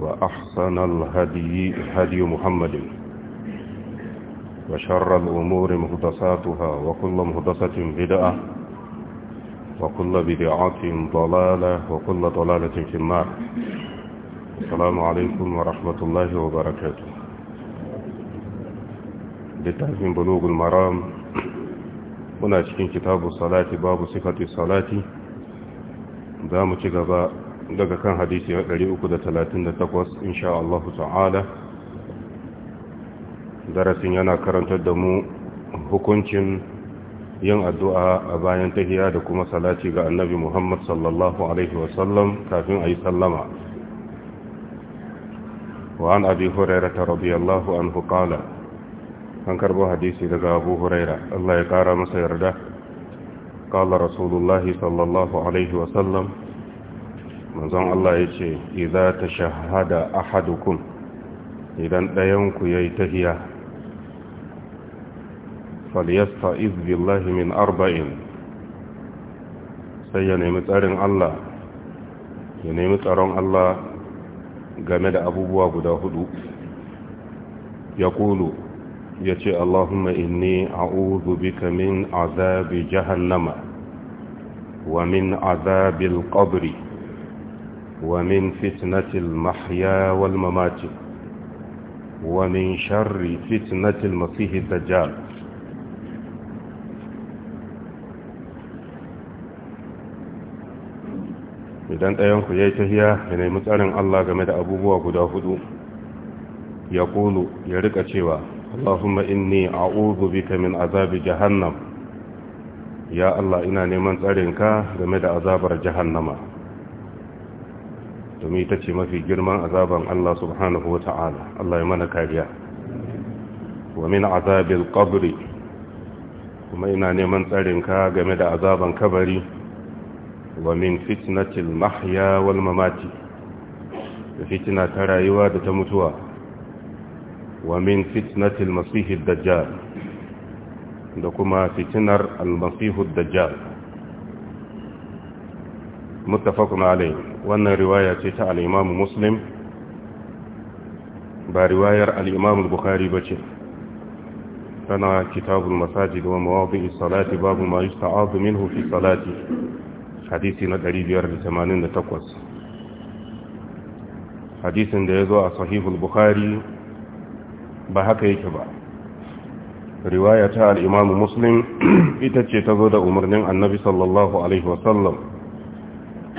وأحسن الهدي هدي محمد وشر الأمور مهدساتها وكل مهدسة بدعة وكل بدعة ضلالة وكل ضلالة في النار السلام عليكم ورحمة الله وبركاته لتعزم بلوغ المرام هنا كتاب الصلاة باب صفة الصلاة دام كتابا daga kan hadisi na 338 insha Allah ta'ala darasin yana karantar da mu hukuncin yin addu'a a bayan tahiya da kuma salati ga annabi Muhammad sallallahu Alaihi sallam, kafin a yi sallama. Wa أبي هريرة رضي الله عنه قال an karbo hadisi daga abu huraira Allah ya kara masa yarda kala rasulullahi sallallahu alaihi wasallam manzon Allah ya ce idza tashahhada ahadukum idan ɗayan ku yayi tahiya falyasta'iz izbillahi min arba'in sai ya nemi tsarin Allah ya nemi tsaron Allah game da abubuwa guda hudu ya kulu ya ce Allahumma inni a'udhu bika min azabi jahannama wa min azabil qabri ومن فتنة المحيا والممات ومن شر فتنة المسيح الدجال idan ɗayanku ya yi tahiya ya nemi tsarin Allah game da abubuwa guda hudu ya kulu ya rika cewa Allahumma inni a'udhu bika min azabi jahannam ya Allah ina neman tsarinka game da azabar jahannama domin ita ce mafi girman azaban Allah subhanahu wa ta'ala Allah ya mana kariya wa min azabil qabri kuma ina neman tsarinka game da azaban kabari wa min fitnatil mahya wal mamati da fitina ta rayuwa da ta mutuwa wa min fitnatil masihid dajjal da kuma fitinar al-masihud dajjal muttafaqun alayh wannan riwaya ce ta al-Imam Muslim ba riwayar al-Imam Bukhari bace tana kitabul masajid wa mawadi'is salati babu ma yusta'adu minhu salati hadisi na 588 hadisin da ya zo a sahihul bukhari ba haka yake ba riwaya ta al'imamu muslim ita ce ta zo da umarnin annabi sallallahu alaihi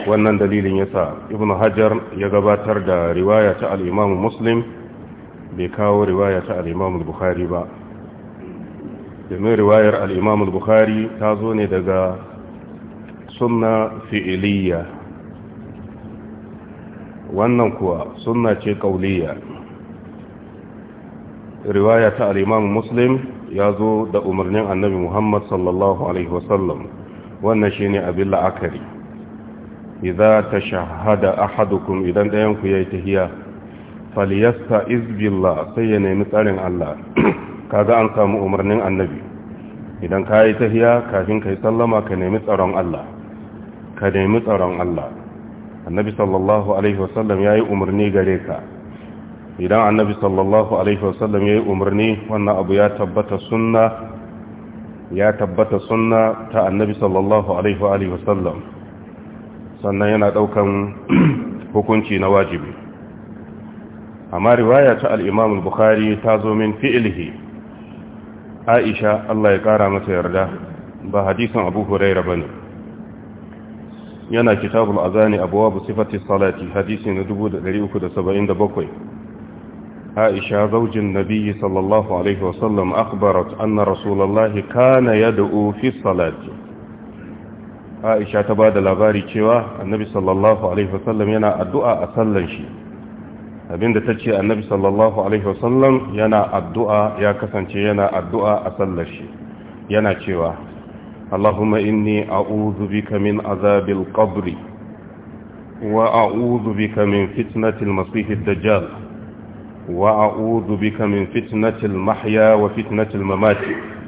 wannan dalilin ya sa Ibn hajar ya gabatar da riwaya ta al-imamu muslim bai kawo riwaya ta al-imamu bukhari ba domin riwayar al-imamu bukhari ta zo ne daga sunna fi'iliya wannan kuwa sunna ce kauliya riwaya ta al-imamu muslim ya zo da umarnin annabi muhammad sallallahu alaihi wasallam wannan shi ne abin la'akari idza tashahhada ahadukum idan ɗayan ku yayi tahiyya falyasta izbillah sai ya nemi tsarin Allah kaga an samu umarnin annabi idan ka yi tahiya kafin ka yi sallama ka nemi tsaron Allah ka nemi tsaron Allah annabi sallallahu alaihi wasallam ya yi umarni gare ka idan annabi sallallahu alaihi wasallam ya yi umarni wannan abu ya tabbata sunna ta annabi sallallahu alaihi sannan yana daukan hukunci na wajibi amma riwaya ta al-Imam bukhari ta zo min fi'lihi Aisha Allah ya kara masa yarda ba hadisin Abu ba bane yana kitabul azani abwab sifati salati hadisi na 377 عائشة زوج النبي صلى الله عليه وسلم أخبرت أن رسول الله كان يدعو aisha ta ba da labari cewa annabi sallallahu alaihi wasallam yana addu'a a sallan shi abinda ta ce annabi sallallahu alaihi wasallam yana addu'a ya kasance yana addu'a a sallar shi yana cewa allahumma inni a'udhu bika min azabil qabri wa a'udhu bika min fitnatil masihid dajjal wa a'udhu bika min fitnatil mahya wa fitnatil mamati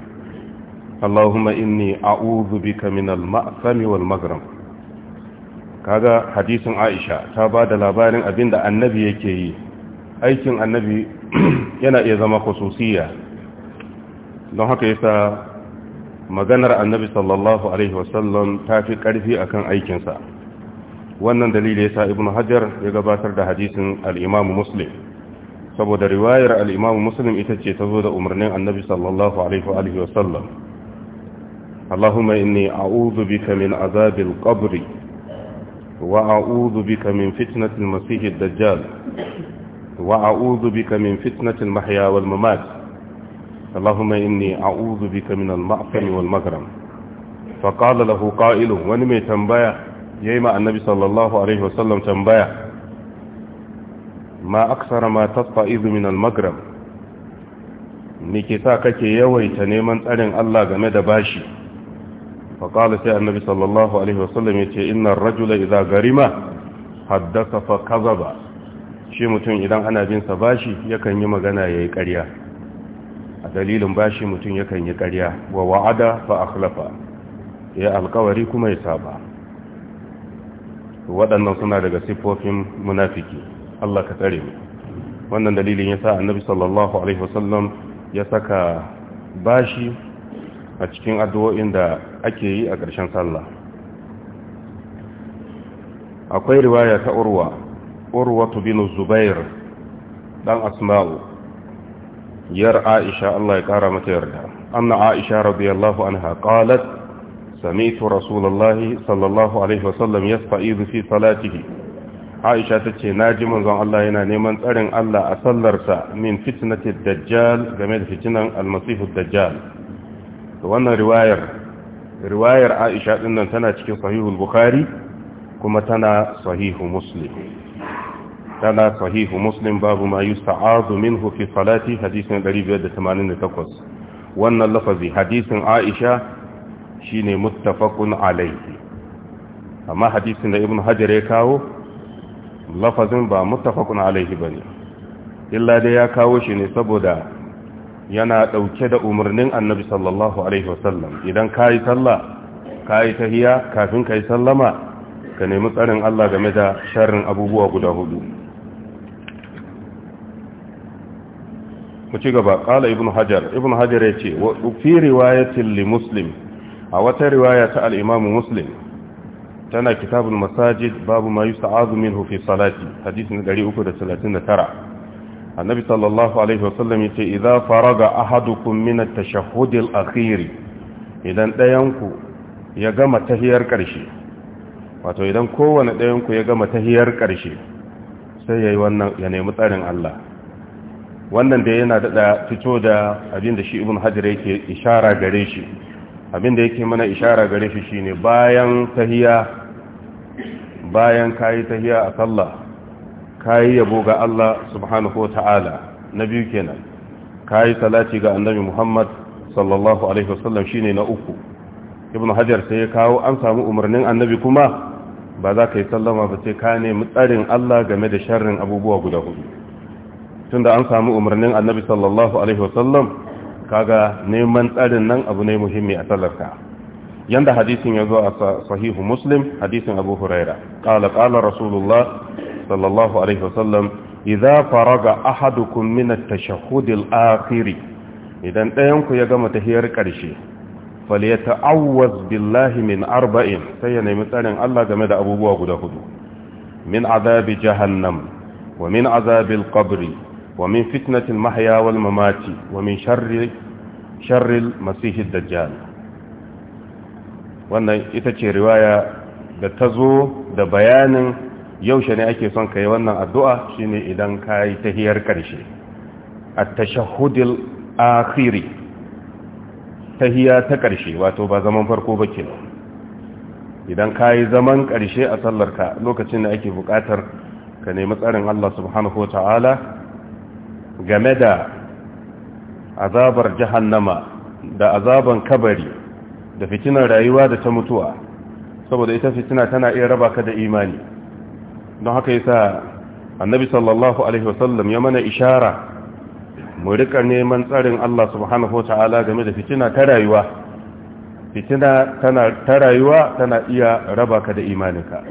اللهم إني أعوذ بك من المأثم والمغرم kaga hadisin Aisha ta ba da labarin abinda annabi yake yi aikin annabi yana iya zama khususiyya don haka yasa maganar annabi sallallahu alaihi wasallam ta fi karfi akan aikinsa wannan dalili yasa ibnu hajar ya gabatar da hadisin Al'imamu imam muslim saboda riwayar Al'imamu imam muslim ita ce ta zo da umarnin annabi sallallahu alaihi wa alihi wasallam اللهم إني أعوذ بك من عذاب القبر وأعوذ بك من فتنة المسيح الدجال وأعوذ بك من فتنة المحيا والممات اللهم إني أعوذ بك من المعفن والمكرم فقال له قائل ونمي تنبايا يما النبي صلى الله عليه وسلم تنبايا ما أكثر ما تطائذ من المكرم me ke sa kake yawaita neman tsarin Allah game da bashi faƙala sai annabi sallallahu alaihi wasallam ya ce inna rajula idza garima haddasa fa kazaba shi mutum idan ana bin sa bashi yakan yi magana yayi ƙarya a dalilin bashi mutum yakan yi karya wa wa'ada fa akhlafa ya alƙawari kuma ya saba waɗannan suna daga siffofin munafuki Allah ka tsare mu wannan dalilin yasa annabi sallallahu alaihi wasallam ya saka bashi a cikin addu'o'in da ake yi a ƙarshen sallah akwai riwaya ta urwa Urwa Tubinu zubair dan asma'u yar aisha Allah ya kara mata yarda anna aisha radiyallahu anha qalat sami'tu rasulullahi sallallahu alaihi wasallam yasta'idu fi salatihi aisha tace naji manzon Allah yana neman tsarin Allah a sallarsa min fitnatid dajjal game da fitinan almasihud dajjal wannan riwayar riwayar aisha din nan tana cikin sahihul bukhari kuma tana sahihu muslim tana sahihu muslim babu ma yusta'adu minhu fi salati hadisin 588 wannan lafazi hadisin aisha shine muttafaqun alayhi amma hadisin da ibn hajar ya kawo lafazin ba muttafaqun alayhi bane illa dai ya kawo shi ne saboda yana ɗauke da umarnin annabi sallallahu alaihi wasallam idan ka yi sallah ka yi tahiya kafin ka yi sallama ka nemi tsarin Allah game da sharrin abubuwa guda hudu mu ci gaba ƙala ibn hajar ibn hajar ya ce fi riwayatin li muslim a wata riwaya ta al'imamu muslim tana kitabun masajid babu ma yi sa'azu min hufi salati hadisi na 339 annabi sallallahu alaihi wasallam ya ce idza faraga ahadukum min at-tashahhud al-akhir idan ɗayanku ya gama tahiyar ƙarshe wato idan kowane ɗayanku ya gama tahiyar ƙarshe sai yayi wannan ya nemi tsarin Allah wannan da yana dada fito da abin da shi ibn hajar yake ishara gare shi abin da yake mana ishara gare shi shine bayan tahiya bayan kayi tahiya a sallah kayi yabo ga Allah subhanahu wa ta'ala na biyu kenan kayi salati ga annabi Muhammad sallallahu alaihi wasallam shine na uku ibn hajar sai ya kawo an samu umarnin annabi kuma ba za ka yi sallama ba sai ka nemi tsarin Allah game da sharrin abubuwa guda hudu tunda an samu umarnin annabi sallallahu alaihi wasallam kaga neman tsarin nan abu ne muhimmi a sallarka yanda hadisin ya zo a sahihu muslim hadisin abu huraira ƙala ƙala rasulullah sallallahu alaihi wasallam idza faraga ahadukum min at-tashahhud al-akhir idan ɗayanku ya gama tahiyar ƙarshe falyata'awwaz billahi min arba'in sai ya nemi tsarin Allah game da abubuwa guda hudu min azabi jahannam wa min azabi al-qabr wa min fitnati al-mahya mamati wa min sharri sharri al-masih dajjal wannan ita ce riwaya da tazo da bayanin yaushe ne ake son ka yi wannan addu'a shine idan kai tahiyar karshe at-tashahhudil akhiri tahiya ta karshe wato ba zaman farko ba nan. idan kai zaman karshe a sallarka lokacin da ake buƙatar ka nemi tsarin Allah subhanahu ta'ala game da azabar jahannama da azaban kabari da fitinar rayuwa da ta mutuwa saboda ita fitina tana iya raba ka da imani don haka yasa annabi sallallahu alaihi wasallam ya mana ishara mu rika neman tsarin Allah subhanahu wataala game da fitina ta rayuwa fitina tana ta rayuwa tana iya raba ka da imaninka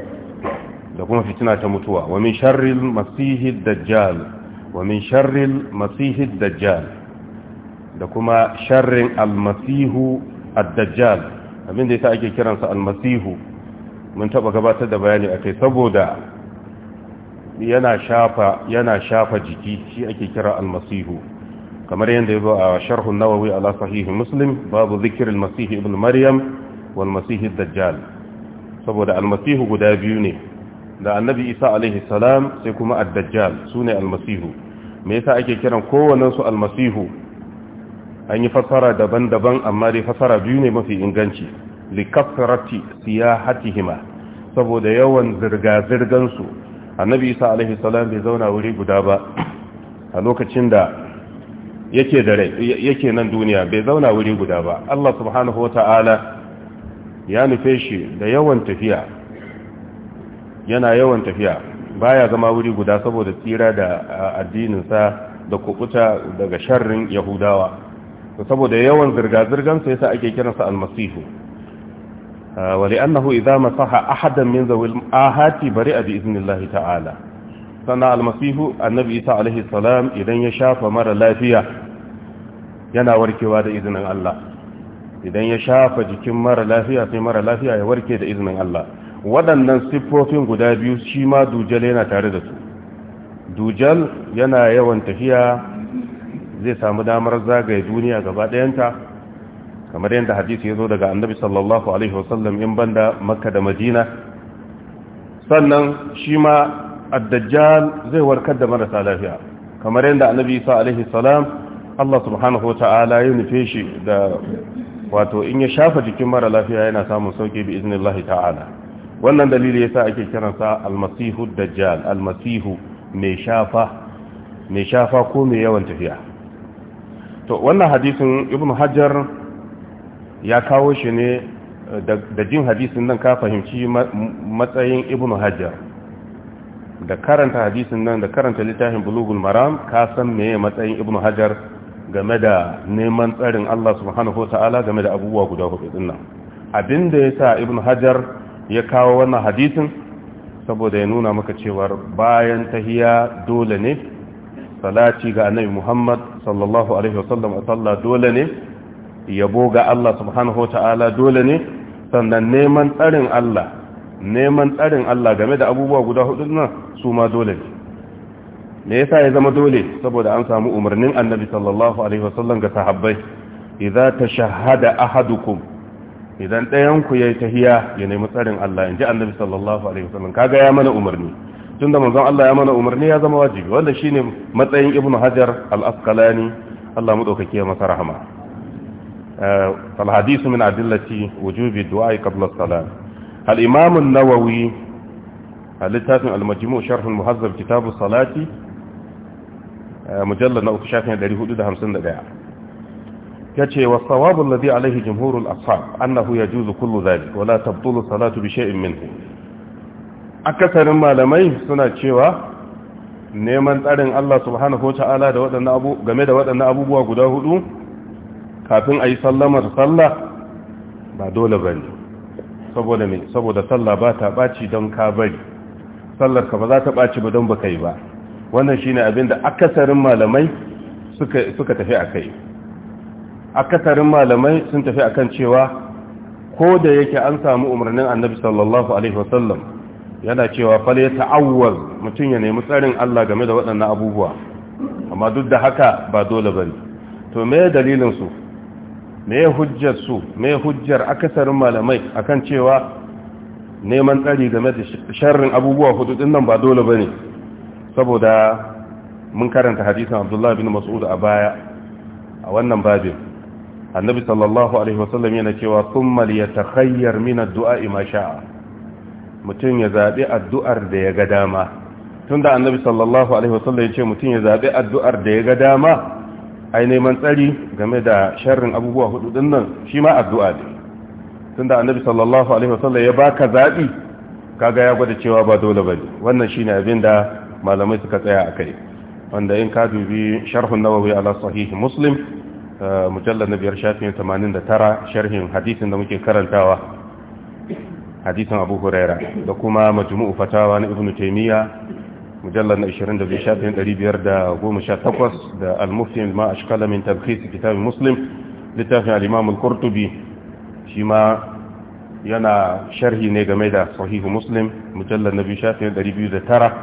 da kuma fitina ta mutuwa wa min sharril masihid dajjal wa min sharril masihid dajjal da kuma sharrin almasihu ad-dajjal abin da yasa ake kiransa almasihu mun taba gabatar da bayani akai saboda yana shafa yana shafa jiki shi ake kira almasihu kamar yadda yazo a sharh an-nawawi ala sahih muslim babu zikr masih ibn maryam wal masih ad-dajjal saboda almasihu guda biyu ne da annabi isa alaihi salam sai kuma ad-dajjal sune almasihu me yasa ake kiran kowannen su almasihu an yi fasara daban-daban amma dai fasara biyu ne mafi inganci likafrati siyahatihima saboda yawan zirga-zirgansu annabi isa alaihi salam bai zauna wuri guda ba a lokacin da yake da yake nan duniya bai zauna wuri guda ba Allah subhanahu wata'ala ya nufe shi da yawan tafiya yana yawan tafiya baya zama wuri guda saboda tsira da addininsa da kukuta daga sharrin yahudawa saboda yawan zirga-zirgansa yasa ake kiransa almasihu ولأنه إذا مسح أحدا من ذوي الآهات برئ بإذن الله تعالى صنع المسيح النبي إيسى عليه السلام إذن يشاف مر لا فيها yana warkewa da izinin Allah idan ya shafa jikin mara lafiya sai mara lafiya ya warke da izinin Allah waɗannan siffofin guda biyu shi ma dujal yana tare da su dujal yana yawan tafiya zai samu damar zagaye duniya gaba ɗayanta kamar yadda hadisi ya zo daga annabi sallallahu alaihi wasallam in banda makka da madina sannan shi ma addajjal zai warkar da marasa lafiya kamar yadda annabi isa alaihi salam Allah subhanahu wa ta'ala ya nufe shi da wato in ya shafa jikin mara lafiya yana samun sauki bi iznillahi ta'ala wannan dalili yasa ake kiransa almasihu dajjal almasihu mai shafa mai shafa ko mai yawan tafiya to wannan hadisin ibnu hajar ya kawo shi ne eh, da jin hadisin nan ka fahimci matsayin ibn hajjar da karanta hadisin nan da karanta littafin bulugul maram ka san meye matsayin ibn hajjar game da neman tsarin Allah subhanahu wa ta'ala game da abubuwa guda hudu din nan abinda ya sa ibn hajjar ya kawo wannan hadisin saboda ya nuna maka cewar bayan tahiya dole ne salati ga annabi Muhammad sallallahu alaihi wasallam a sallah dole ne yabo ga Allah subhanahu ta'ala dole ne sannan neman tsarin Allah neman tsarin Allah game da abubuwa guda hudu nan su ma dole ne me yasa ya zama dole saboda an samu umarnin annabi sallallahu alaihi wasallam ga sahabbai idza tashahhada ahadukum idan ɗayan ku yayi tahiya ya nemi tsarin Allah inji annabi sallallahu alaihi wasallam kaga ya mana umarni tunda manzon Allah ya mana umarni ya zama wajibi wanda shine matsayin ibnu hajar al-asqalani Allah mu ya masa rahama فالحديث من أدلة وجوب الدعاء قبل الصلاة الإمام النووي لتاتم المجموع شرح المهذب كتاب الصلاة مجلد نوك شافين داري هدود همسن دعا يتشي والصواب الذي عليه جمهور الأصحاب أنه يجوز كل ذلك ولا تبطل الصلاة بشيء منه أكثر ما لمي سنة شوى neman tsarin Allah subhanahu wa ta'ala da waɗannan abu game da waɗannan abubuwa guda hudu kafin a yi sallamar sallah ba dole ba ne saboda mai saboda sallah ba ta ɓaci don ka bari sallar ka ba za ta ɓaci ba don ba kai ba wannan ne abin da akasarin malamai suka tafi a kai akasarin malamai sun tafi a kan cewa ko da yake an samu umarnin annabi sallallahu alaihi wasallam yana cewa fal ya ta'awwaz mutum ya nemi tsarin Allah game da waɗannan abubuwa amma duk da haka ba dole bane to me dalilin su me hujjar su me hujjar akasarin malamai akan cewa neman tsari game da sharrin abubuwa hudu din nan ba dole bane saboda mun karanta hadisin Abdullah bin Mas'ud a baya a wannan babin annabi sallallahu alaihi wasallam yana cewa thumma liyatakhayyar min addu'a dua ma sha'a mutum ya zabi addu'ar da ya ga dama tunda annabi sallallahu alaihi wasallam ya ce mutum ya zabi addu'ar da ya ga dama ai neman tsari game da sharrin abubuwa hudu din nan shi ma addu'a ne tunda annabi sallallahu alaihi wasallam ya baka zabi kaga ya gwada cewa ba dole ba ne wannan shine abin da malamai suka tsaya a kai. wanda in ka dubi sharhun nawawi ala sahih muslim eh, mujallad na biyar shafin 89 sharhin hadisin da muke karantawa hadisin abu huraira da kuma majmu'u fatawa na ibnu taimiyya. mujallar na 22 shafin 518 da al-muftin ma ashkala min tabkhis kitab muslim littafin al-imam al shi ma yana sharhi ne game da sahihu muslim mujallar na 2 shafin 209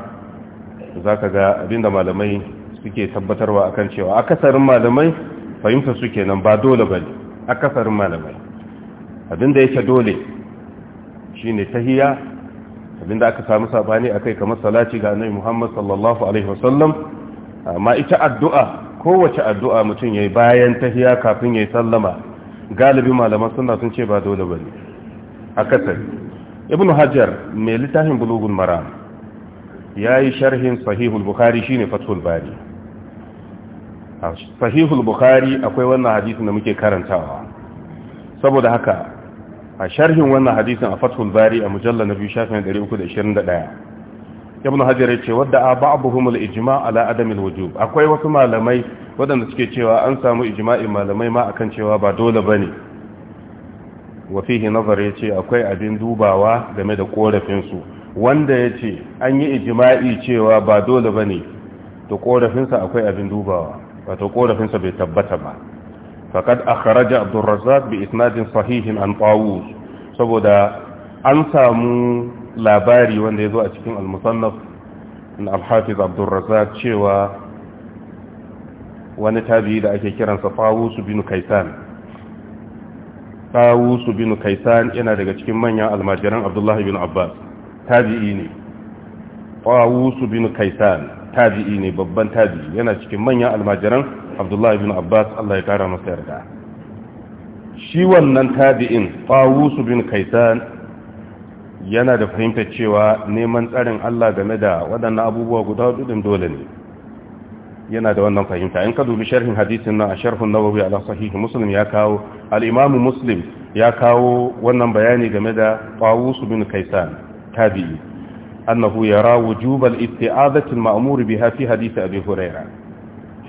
zaka ga abinda malamai suke tabbatarwa akan cewa akasarin malamai fahimta suke nan ba dole ba bane akasarin malamai abinda yake dole shi shine tahiya da aka samu sabani akai kamar salati ga annabi Muhammad sallallahu alaihi wasallam amma ita addu'a kowace addu'a mutum yayi bayan tahiya kafin yayi sallama galibi malaman sunna sun ce ba dole bane akasari ibnu hajar mai littafin bulugul maram yayi sharhin sahihul bukhari shine fathul bari sahihul bukhari akwai wannan hadisin da muke karantawa saboda haka a sharhin wannan hadisin a fathul bari a mujallar na biyu shafin 321 ibn hajar yace wadda a ba'dhum al-ijma' ala adam al-wujub akwai wasu malamai wadanda suke cewa an samu ijma'in malamai ma akan cewa ba dole bane wa fihi nazar yace akwai abin dubawa game da korafin su wanda yace an yi ijma'i cewa ba dole bane to korafin sa akwai abin dubawa wato korafin sa bai tabbata ba faqad akhraja Abdul Razzaq bi isnadin sahihin an Tawus saboda an samu labari wanda zo a cikin al-musannaf na al-Hafiz cewa wani tabi'i da ake kiransa Tawus bin Kaisan Tawus bin Kaisan yana daga cikin manyan almajiran Abdullah bin Abbas tabi'i ne bin Kaisan tabi'i ne babban tabi'i yana cikin manyan almajiran abdullahi bin abbas allah ya kara masa yarda shi wannan tabi'in tawusu bin kaisan yana da fahimtar cewa neman tsarin allah game da waɗannan abubuwa guda hudu dole ne yana da wannan fahimta in ka dubi sharhin hadisin nan a sharhun nawawi ala sahihi muslim ya kawo al-imamu muslim ya kawo wannan bayani game da tawusu bin kaisan tabi'i annahu yara wujubal isti'azati al-ma'mur biha fi hadisi abi hurairah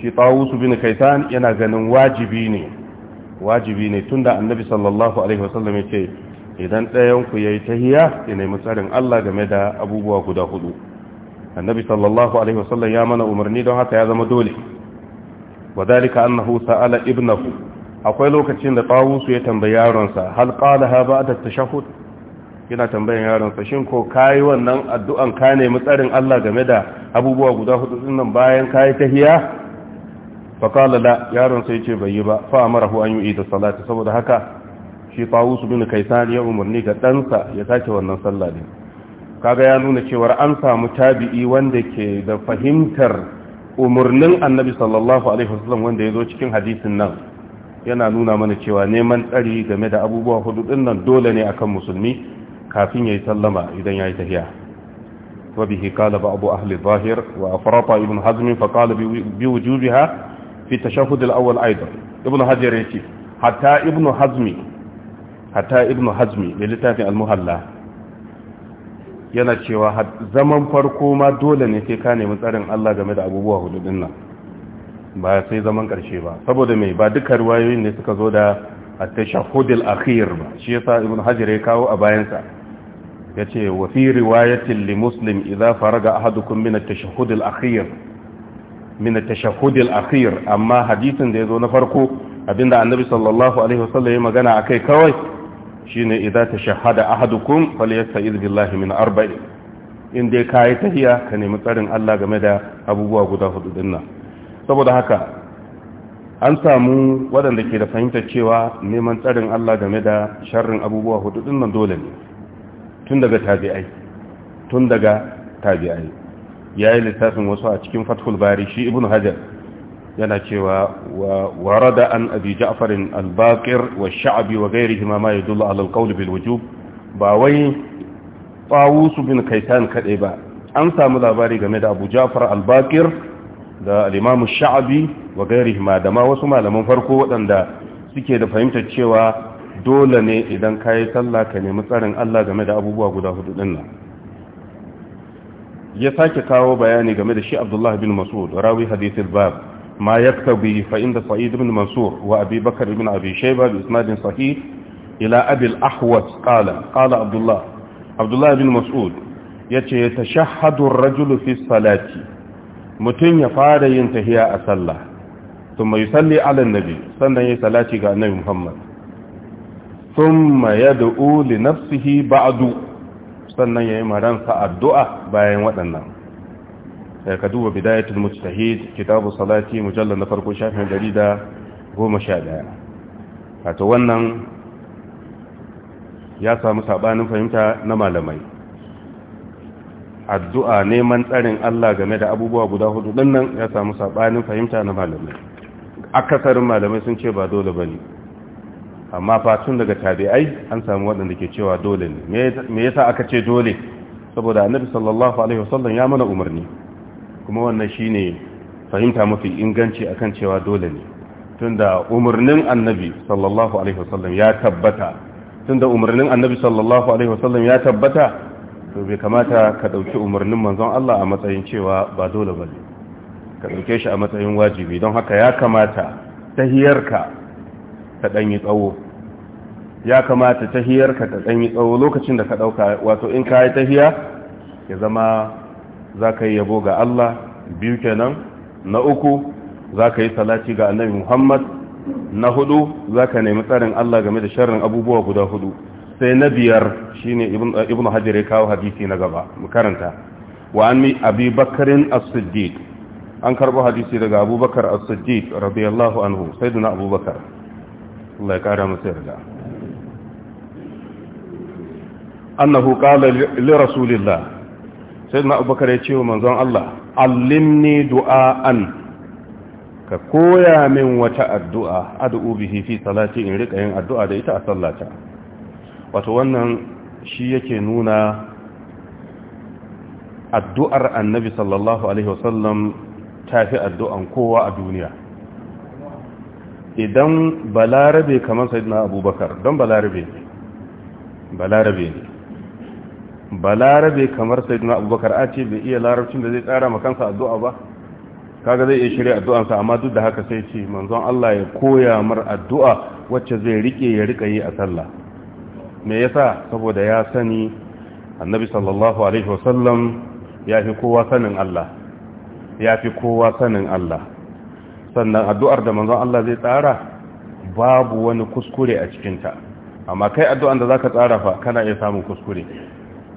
shi tawusu bin kaitan yana ganin wajibi ne wajibi ne tunda annabi sallallahu alaihi wasallam yake idan ɗayan ku yayi tahiya ya nemi tsarin Allah game da abubuwa guda hudu annabi sallallahu alaihi wasallam ya mana umarni don haka ya zama dole wadalika annahu sa'ala ibnahu akwai lokacin da tawusu ya tambayi yaronsa hal ha ba'da tashahhud yana tambayan yaronsa shin ko kayi wannan addu'an ka nemi tsarin Allah game da abubuwa guda hudu din nan bayan kayi tahiyya faƙala la yaron sai ce bai yi ba fa amarahu an yi da salati saboda haka shi tawusu bin ya umarni ga ɗansa ya sake wannan sallah din kaga ya nuna cewar an samu tabi'i wanda ke da fahimtar umarnin annabi sallallahu alaihi wasallam wanda ya zo cikin hadisin nan yana nuna mana cewa neman tsari game da abubuwa hudu din nan dole ne akan musulmi kafin yayi sallama idan yi tafiya wa bihi qala ba'd ahli zahir wa afrata ibn hazm fa qala bi wujubiha في tashahhud الأول أيضا ابن حجر hajar yace hatta ibnu hazmi hatta hazmi da littafin yana cewa zaman farko ma dole ne sai ka nemi tsarin Allah game da abubuwa hudu dinnan ba sai zaman karshe ba saboda mai ba duka riwayoyin ne suka zo da at-tashahhud akhir ba shi yasa ibn hajar ya kawo a bayansa yace wa fi riwayatin li muslim idza faraga ahadukum min at-tashahhud akhir min tashahhudil akhir amma hadisin da yazo na farko abinda annabi sallallahu alaihi wasallam ya magana akai kawai shine idza tashahhada ahadukum falyasta'iz billahi min arba'in in dai kai tahiya ka nemi tsarin Allah game da abubuwa guda hudu dinnan saboda haka an samu waɗanda ke da fahimtar cewa neman tsarin Allah game da sharrin abubuwa hudu dinnan dole ne tun daga tabi'ai tun daga tabi'ai ya yi littafin wasu a cikin fathul bari shi ibn hajar yana cewa wa warada an abi ja'farin albaqir wa sha'bi wa ghairihi ma ma yadullu ala bil wujub ba wai tawus bin kaitan kadai ba an samu labari game da abu ja'far albaqir da al-imam wa ghairihi ma da ma wasu malaman farko waɗanda suke da fahimtar cewa dole ne idan kayi sallah ka nemi tsarin Allah game da abubuwa guda hudu din nan ya sake kawo bayani game da shi abdullahi bin mas'ud rawi hadithul bab ma yaktabi fa inda sa'id ibn mansur wa abi bakr ibn abi shayba bi isnadin sahih ila abi al-ahwas qala qala abdullah abdullah bin mas'ud yace tashahhadu ar-rajulu fi salati mutum ya fara yin tahiya a sallah thumma yusalli ala an-nabi sannan ya salati ga annabi muhammad thumma yad'u li nafsihi ba'du sannan ya yi maransa addu'a bayan waɗannan sai ka duba bidayatul mujtahid kitabu salati mujallal na farko shafin goma 111 wato wannan ya samu saɓanin fahimta na malamai addu'a neman tsarin Allah game da abubuwa guda hudu nan ya samu saɓanin fahimta na malamai akasarin malamai sun ce ba dole ba ne. amma fa tun daga tabi'ai an samu waɗanda ke cewa dole ne me yasa aka ce dole saboda annabi sallallahu alaihi wasallam ya mana umarni kuma wannan shine fahimta mafi inganci akan cewa dole ne tunda umarnin annabi sallallahu alaihi wasallam ya tabbata tunda umarnin annabi sallallahu alaihi wasallam ya tabbata to bai kamata ka dauki umarnin manzon Allah a matsayin cewa ba dole bane ka dauke shi a matsayin wajibi don haka ya kamata tahiyarka ta ɗan yi tsawo ya kamata tahiyarka ta ɗan yi tsawo lokacin da ka ɗauka wato in ka yi tahiya ya zama za ka yi yabo ga Allah biyu kenan na uku za ka yi salati ga annabi Muhammad na hudu za ka nemi tsarin Allah game da sharrin abubuwa guda hudu sai na biyar shine ibnu hajar ya kawo hadisi na gaba mu karanta wa an abi bakarin as-siddiq an karbo hadisi daga abubakar as-siddiq radiyallahu anhu na abubakar Allah ya kara masa yarda annahu qala li rasulillah sayyidina abubakar ya ce wa manzon Allah allimni du'aan ka koya min wata addu'a addu'u bihi fi salati in rika yin addu'a da ita a sallata wato wannan shi yake nuna addu'ar annabi sallallahu alaihi wasallam ta fi addu'an kowa a duniya idan balarabe kamar sayyidina abubakar don balarabe balarabe ne balarabe kamar sayyidina abubakar a ce bai iya larabcin da zai tsara makansa addu'a ba kaga zai iya shirya addu'ansa amma duk da haka sai ce manzon Allah ya koya mar addu'a wacce zai rike ya rika yi a sallah me yasa saboda ya sani annabi sallallahu alaihi wasallam ya fi kowa sanin Allah ya fi kowa sanin Allah sannan addu'ar da manzon Allah zai tsara babu wani kuskure a cikinta amma kai addu'an da za ka tsara fa kana iya samun kuskure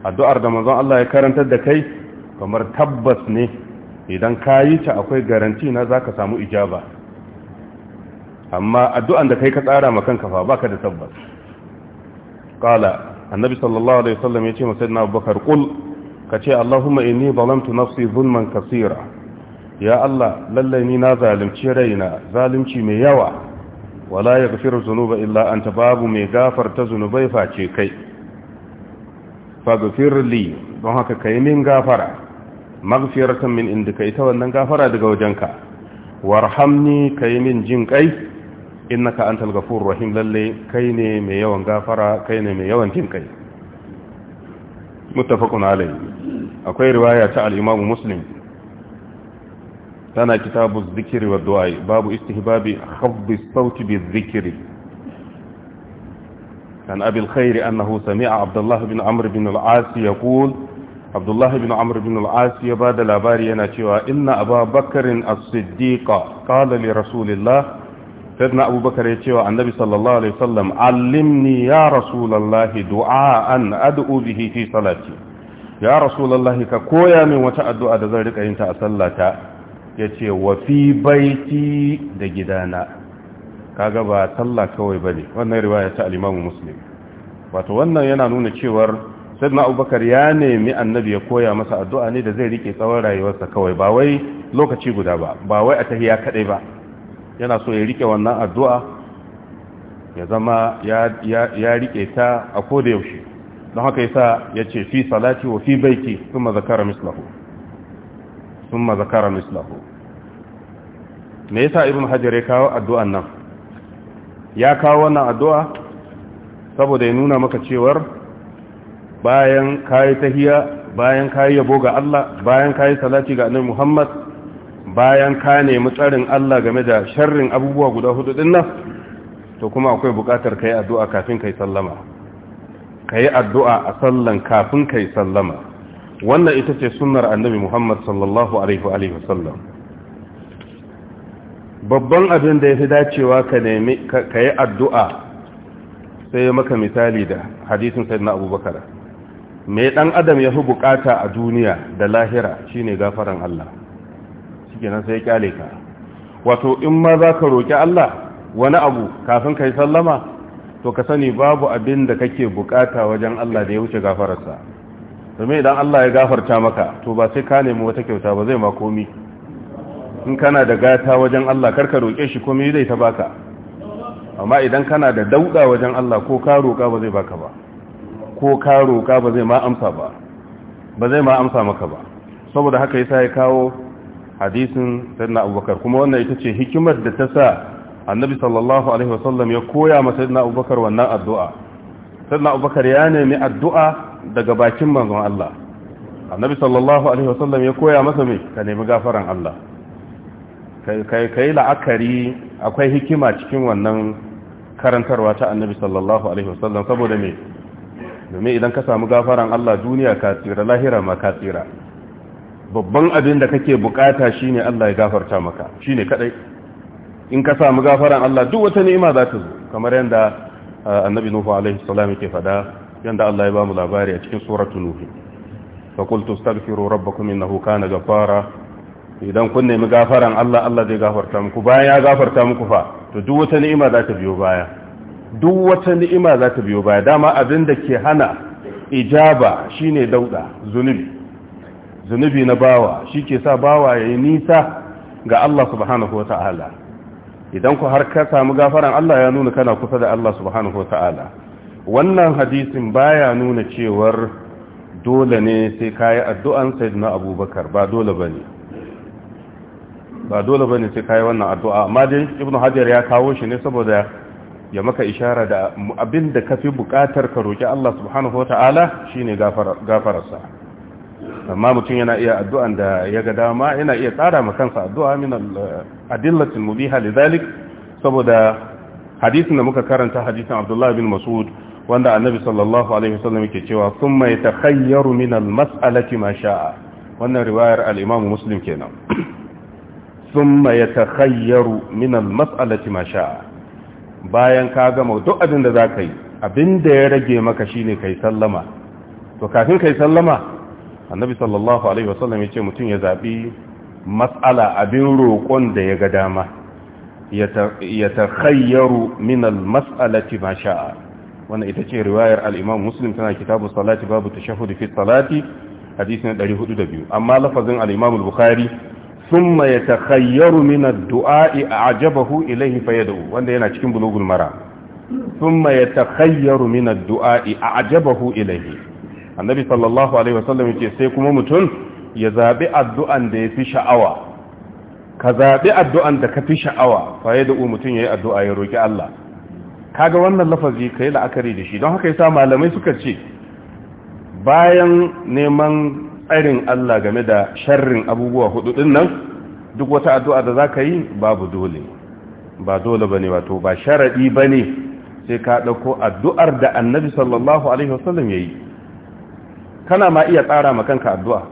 addu'ar da manzon Allah ya karantar da kai kamar tabbas ne idan ka yi ta akwai garanti na za ka samu ijaba amma addu'an da kai ka tsara kafa fa ka da tabbas ƙala annabi sallallahu alaihi wasallam ya ce masai na bakar ƙul ka ce allahumma inni balamtu nafsi zulman kasira ya Allah lallai ni na zalunci raina zalunci mai yawa wala yaghfiru dhunuba illa anta babu mai gafarta zunubai face kai faghfir li don haka kai min gafara maghfiratan min indika ita wannan gafara daga wajenka warhamni kai min jin kai innaka antal ghafurur rahim lalle kai ne mai yawan gafara kai ne mai yawan jin kai muttafaqun alayhi akwai riwaya ta al-imam muslim tana kitabu zikiri wa du'a babu istihbabi khafdi sauti bi zikiri عن أبي الخير أنه سمع عبد الله بن عمرو بن العاص يقول عبد الله بن عمرو بن العاص يباد الأباري يناتيوا إن أبا بكر الصديق قال لرسول الله سيدنا أبو بكر يتيوا النبي صلى الله عليه وسلم علمني يا رسول الله دعاء أدعو به في صلاتي يا رسول الله ككويا من وتأدعى ذلك أنت أصلتا ya ce wafi baiti da gidana kaga ba sallah kawai ba ne wannan riwaya ta alimamu muslim wato wannan yana nuna cewar sadina abubakar ya nemi annabi ya koya masa addu'a ne da zai rike tsawon rayuwarsa kawai ba wai lokaci guda ba ba wai a tahiya kadai ba yana so ya rike wannan addu'a ya zama ya rike ta a koda yaushe don haka yasa ya ce fi salati wa fi baiti kuma zakara mislahu sun mazakara mislahu me yasa ibn hajar ya kawo addu'an nan ya kawo wannan addu'a saboda ya nuna maka cewar bayan kayi tahiya bayan kayi yabo ga Allah bayan kayi salati ga annabi Muhammad bayan ka nemi tsarin Allah game da sharrin abubuwa guda hudu din nan to kuma akwai bukatar kai addu'a kafin kai sallama kai addu'a a sallan kafin kai sallama wannan ita ce sunnar annabi muhammad sallallahu alaihi wasallam babban abin da ya fi dacewa ka nemi ka yi addu'a sai maka misali da hadisin sayyidina abubakar mai dan adam ya fi bukata a duniya da lahira shine gafaran Allah nan sai kyale ka wato in ma za ka roƙi Allah wani abu kafin ka yi sallama to ka sani babu abin da kake bukata wajen Allah da ya wuce gafararsa domin idan Allah ya gafarta maka to ba sai ka nemi wata kyauta ba zai ma komi in kana da gata wajen Allah karka roƙe shi komi zai ta baka amma idan kana da dauda wajen Allah ko ka roƙa ba zai baka ba ko ka roƙa ba zai ma amsa ba ba zai ma amsa maka ba saboda haka yasa ya kawo hadisin sayyidina Abubakar kuma wannan ita ce hikimar da ta sa annabi sallallahu alaihi wasallam ya koya ma sayyidina Abubakar wannan addu'a sayyidina Abubakar ya nemi addu'a daga bakin manzon Allah annabi sallallahu alaihi wasallam ya koya masa mai ka nemi gafaran Allah kai la'akari akwai hikima cikin wannan karantarwa ta annabi sallallahu alaihi wasallam saboda me domin idan ka samu gafaran Allah duniya ka tsira lahira ma ka tsira babban abin da kake bukata shine Allah ya gafarta maka shine kadai in ka samu gafaran Allah duk wata ni'ima za ta zo kamar yadda uh, annabi nuhu alaihi salam yake fada yanda Allah ya ba mu labari a cikin suratul nuh fa qultu astaghfiru rabbakum innahu kana ghafara idan kun nemi gafaran Allah Allah zai gafarta muku bayan ya gafarta muku fa to duk wata ni'ima za ta biyo baya duk wata ni'ima za ta biyo baya dama abin da ke hana ijaba shine dauda zunubi zunubi na bawa shi ke sa bawa ya yi nisa ga Allah subhanahu wata'ala idan ku har ka samu gafaran Allah ya nuna kana kusa da Allah subhanahu wata'ala wannan hadisin baya nuna cewar dole ne sai kayi addu'an sayyidina abubakar ba dole bane ba dole bane sai kayi wannan addu'a amma dai ibnu hajar ya kawo shi ne saboda ya maka ishara da abinda kafi bukatar ka roki Allah subhanahu wataala shine gafararsa amma mutum yana iya addu'an da ya ga dama yana iya tsara ma kansa addu'a min al-adillatil mubiha lidhalik saboda hadisin da muka karanta hadisin Abdullah bin Mas'ud wanda annabi sallallahu alaihi wasallam yake cewa thumma yatakhayyaru min al-mas'alati ma sha'a wannan riwayar al-Imam Muslim kenan thumma yatakhayyaru min al-mas'alati ma sha'a bayan ka gama duk abin da zaka yi abin da ya rage maka shine kai sallama to kafin kai sallama annabi sallallahu alaihi wasallam yace mutum ya zabi mas'ala abin roƙon da ya ga dama yatakhayyaru min al-mas'alati ma sha'a wannan ita ce riwayar al-imam muslim tana kitabun salati babu ta tashahhud fi salati hadisi na 402 amma lafazin al-imam al-bukhari thumma yatakhayyaru min ad-du'a'i a'jabahu ilayhi fayad'u wanda yana cikin bulugul mara thumma yatakhayyaru min ad-du'a'i a'jabahu ilayhi annabi sallallahu alaihi wasallam ce sai kuma mutum ya zabi addu'an da ya fi sha'awa ka zabi addu'an da ka fi sha'awa fayad'u mutum ya yi addu'a ya roƙi Allah kaga wannan lafazi kai la'akari da shi don haka yasa malamai suka ce bayan neman tsarin Allah game da sharrin abubuwa hudu din nan duk wata addu'a da zaka yi babu dole ba dole bane wato ba sharadi bane sai ka dauko addu'ar da Annabi sallallahu alaihi wasallam yayi kana ma iya tsara ma kanka addu'a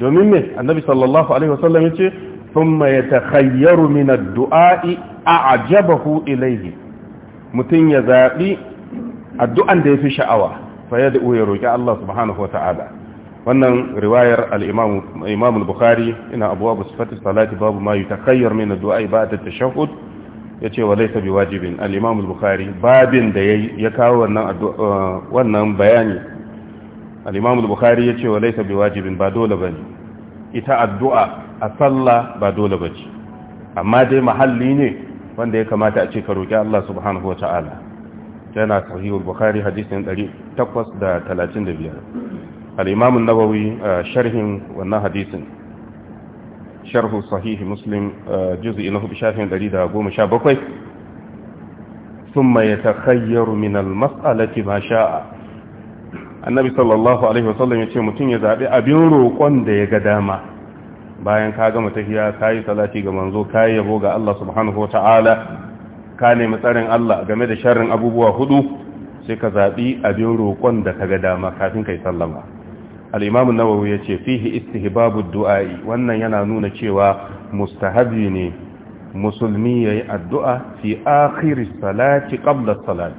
domin me Annabi sallallahu alaihi wasallam yace thumma yatakhayyaru min ad-du'a a'jabahu ilayhi mutum ya zaɓi addu'an da ya fi sha'awa faye da ya roƙi Allah subhanahu wa ta'ala wannan riwayar al'imamul bukhari ina abuwa su sifati salati babu mayu ta kayyar mai na du'a ba da tashahud ya ce wa laisa bi wajibin al'imamul bukhari babin da ya kawo wannan uh, bayani al'imamul bukhari ya ce wa laisa bi wajibin ba dole ba ne ita addu'a a sallah ba dole ba ce amma dai mahalli ne wanda ya kamata a ce ka roƙi Allah subhanahu wa ta'ala yana sahihul bukhari hadisin 835 al-imam an-nawawi uh, sharhin wannan hadisin sharh sahih muslim uh, juz'i na 17 thumma yatakhayyaru min al-mas'alati ma sha'a annabi sallallahu alaihi wasallam ce mutum ya zaɓi abin roƙon da ya ga dama bayan ka gama tafiya ka yi salati ga manzo ka yabo ga Allah subhanahu wa ta'ala ka nemi tsarin Allah game da sharrin abubuwa hudu sai ka zaɓi abin roƙon da ka ga dama kafin ka yi sallama al'imamun nawawi ya ce fihi istihbabu du'a'i wannan yana nuna cewa mustahabi ne musulmi ya yi addu'a fi akhiri salati qabla salati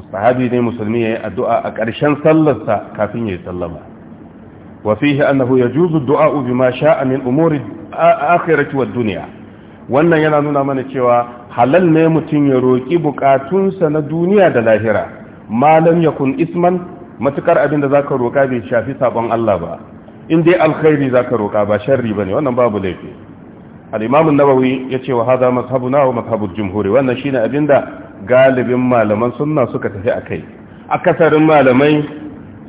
mustahabi ne musulmi ya yi addu'a a ƙarshen sallarsa kafin ya yi sallama وفيه أنه يجوز الدعاء بما شاء من أمور الآخرة والدنيا wannan yana nuna mana cewa halal ne mutum ya roƙi bukatunsa na duniya da lahira malam ya kun isman matukar abin da zaka roƙa bai shafi sabon Allah ba in dai alkhairi zaka roƙa ba sharri ne wannan babu laifi al-imam ya ce yace wa hadha na wa mazhabu al wannan shine abin da galibin malaman sunna suka tafi a kai akasarin malamai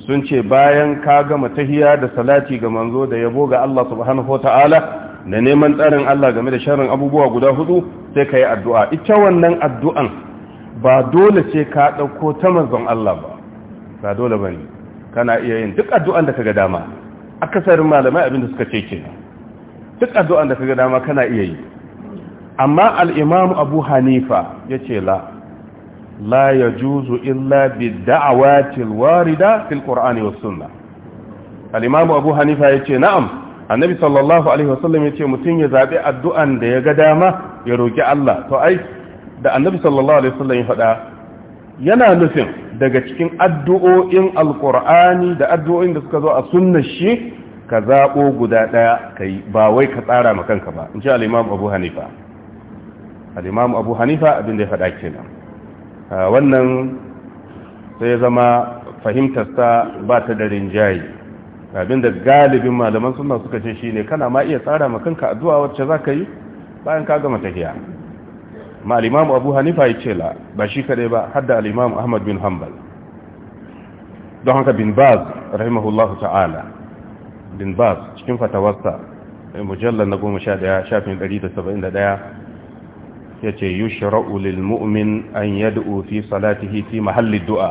sun ce bayan ka gama tahiya da salati ga manzo da yabo ga Allah subhanahu wata'ala da neman tsarin Allah game da sharrin abubuwa guda hudu sai ka yi addu'a ita wannan addu'an ba dole ce ka ɗauko ta manzon Allah ba ba dole ba ne kana iya yin duk addu'an da ka ga dama akasarin malamai abinda suka ce ke duk addu'an da ka ga dama kana iya yi amma al'imamu abu hanifa ya ce la la yajuzu illa bid-da'awati warida fil qur'ani was sunnah abu hanifa yace na'am annabi sallallahu alaihi wasallam yace mutun ya zabi addu'an da ya ga dama ya roki Allah to ai da annabi sallallahu alaihi wasallam ya faɗa yana nufin daga cikin addu'o'in alqur'ani da addu'o'in da suka zo a sunnar shi ka zaɓo guda daya kai ba wai ka tsara ma kanka ba in ji al abu hanifa al abu hanifa abin da ya faɗa kenan wannan sai zama fahimtarsa ba ta da rinjaye abinda galibin malaman suna suka ce shine kana ma iya tsara ma kanka addu'a wacce za ka yi bayan ka gama tafiya malimamu abu hanifa ya ce la ba shi kaɗai ba hadda al'imamu ahmad bin hanbal don haka bin baz rahimahullahu ta'ala bin baz cikin fatawarsa mujallar na goma sha ɗaya shafin ɗari yace yushra'u lil mu'min an yad'u fi salatihi fi mahalli du'a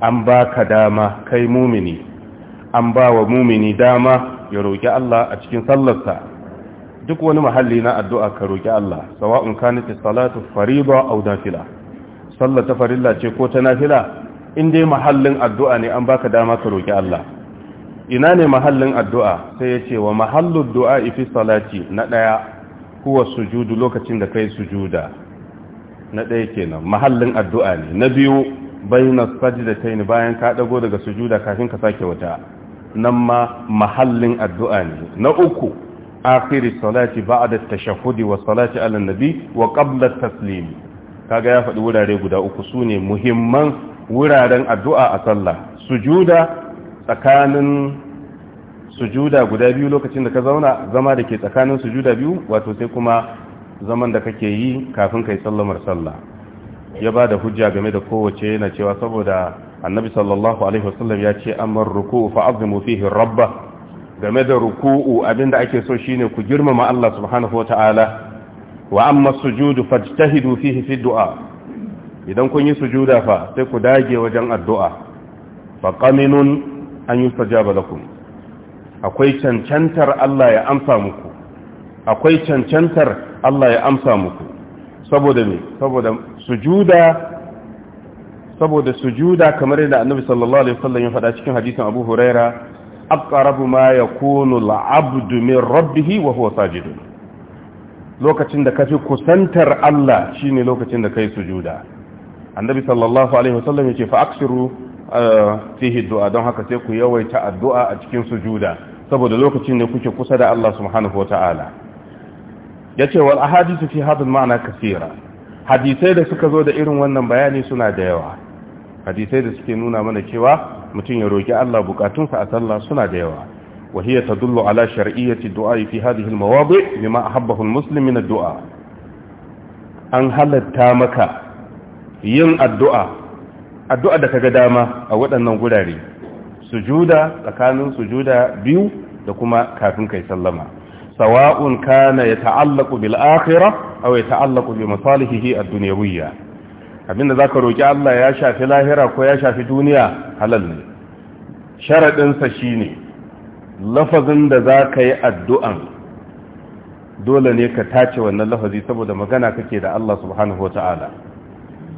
an baka dama kai mumini an bawa mumini dama ya roƙi Allah a cikin sallarsa duk wani mahalli na addu'a ka roƙi Allah in sawa'un kanat salatu fariḍa aw nafila sallata farilla ce ko ta nafila in dai mahallin addu'a ne an baka dama ka roƙi Allah ina ne mahallin addu'a sai ya ce wa mahallin du'a ifi salati na ɗaya huwa sujudu lokacin da kai sujuda na ɗaya kenan mahallin addu'a ne na biyu bayyana sajidatayn bayan ka dago daga sujuda kafin ka sake wata nan ma mahallin addu'a ne na uku akhiri salati ba'da at-tashahhud wa salati ala nabi wa qabla taslim kaga ya faɗi wurare guda uku sune muhimman wuraren addu'a a sallah sujuda tsakanin sujuda guda biyu lokacin da ka zauna zama da ke tsakanin sujuda biyu wato sai kuma zaman da kake yi kafin kai sallamar sallah ya ba da hujja game da kowace yana cewa saboda annabi sallallahu alaihi wasallam ya ce amar ruku'u fa fihi rabba game da ruku'u abinda ake so shine ku girmama Allah subhanahu wataala wa amma sujudu fajtahidu fihi fi du'a idan kun yi sujuda fa sai ku dage wajen addu'a fa qaminun an yustajaba lakum akwai cancantar Allah ya amsa muku akwai cancantar Allah ya amsa muku saboda ne saboda sujuda saboda sujuda kamar yadda annabi sallallahu alaihi wasallam ya faɗa cikin hadisin Abu Huraira aqrabu ma yakunu al-'abdu min rabbih wa huwa sajid lokacin da kafi kusantar Allah shine lokacin da kai sujuda annabi sallallahu alaihi wasallam yace fa aksiru fihi du'a don haka sai ku yawaita addu'a a cikin sujuda saboda lokacin ne kuke kusa da Allah subhanahu wata'ala yace wal ahadithu fi hadha ma'ana kaseera hadisai da suka zo da irin wannan bayani suna da yawa hadisai da suke nuna mana cewa mutum ya roki Allah bukatunsa a sallah suna da yawa wa hiya tadullu ala shar'iyyati du'a fi hadhihi al mawadi' bima ahabbahu al muslim min ad du'a an halatta maka yin addu'a addu'a da kaga dama a waɗannan gurare sujuda tsakanin sujuda biyu da kuma kafin kai sallama sawa'un kana ya ta'allaku bil akhirah a ya ta'allaku bi masalihihi ad-dunyawiyya abinda zaka roki Allah ya shafi lahira ko ya shafi duniya halal ne Sharaɗinsa shi shine lafazin da zaka yi addu'an dole ne ka tace wannan lafazi saboda magana kake da Allah subhanahu wataala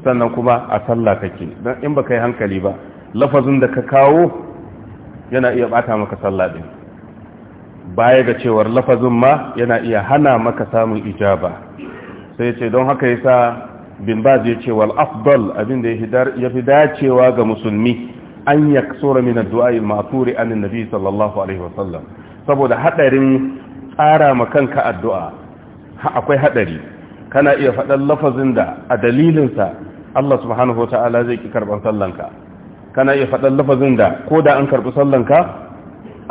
sannan kuma a sallah kake dan in baka yi hankali ba lafazin da ka kawo yana iya bata maka sallah din baya ga cewar lafazin ma yana iya hana maka samun ijaba sai ce don haka yasa bin baz ya ce wal afdal abin da ya fi dacewa ga musulmi an yaksura min addu'a al-ma'thuri an annabi sallallahu alaihi wasallam saboda hadarin tsara ma kanka addu'a akwai hadari kana iya faɗan lafazin da a dalilinsa Allah subhanahu wa ta'ala zai ki karban sallanka kana iya faɗan lafazin da ko da an karɓi sallanka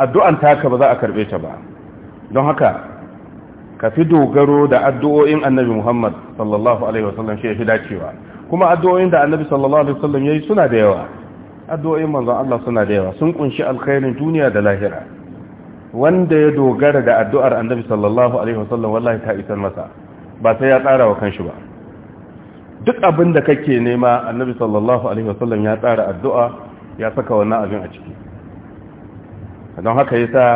addu'an taka ba za a karɓe ta ba don haka ka fi dogaro da addu'o'in annabi muhammad sallallahu alaihi wasallam shi ya fi dacewa kuma addu'o'in da annabi sallallahu alaihi wasallam ya yi suna da yawa addu'o'in manzon Allah suna da yawa sun ƙunshi alkhairin duniya da lahira wanda ya dogara da addu'ar annabi sallallahu alaihi wasallam wallahi ta isar masa ba sai ya tsara wa kanshi ba duk abin da kake nema annabi sallallahu alaihi wasallam ya tsara addu'a ya saka wannan abin a ciki don haka yasa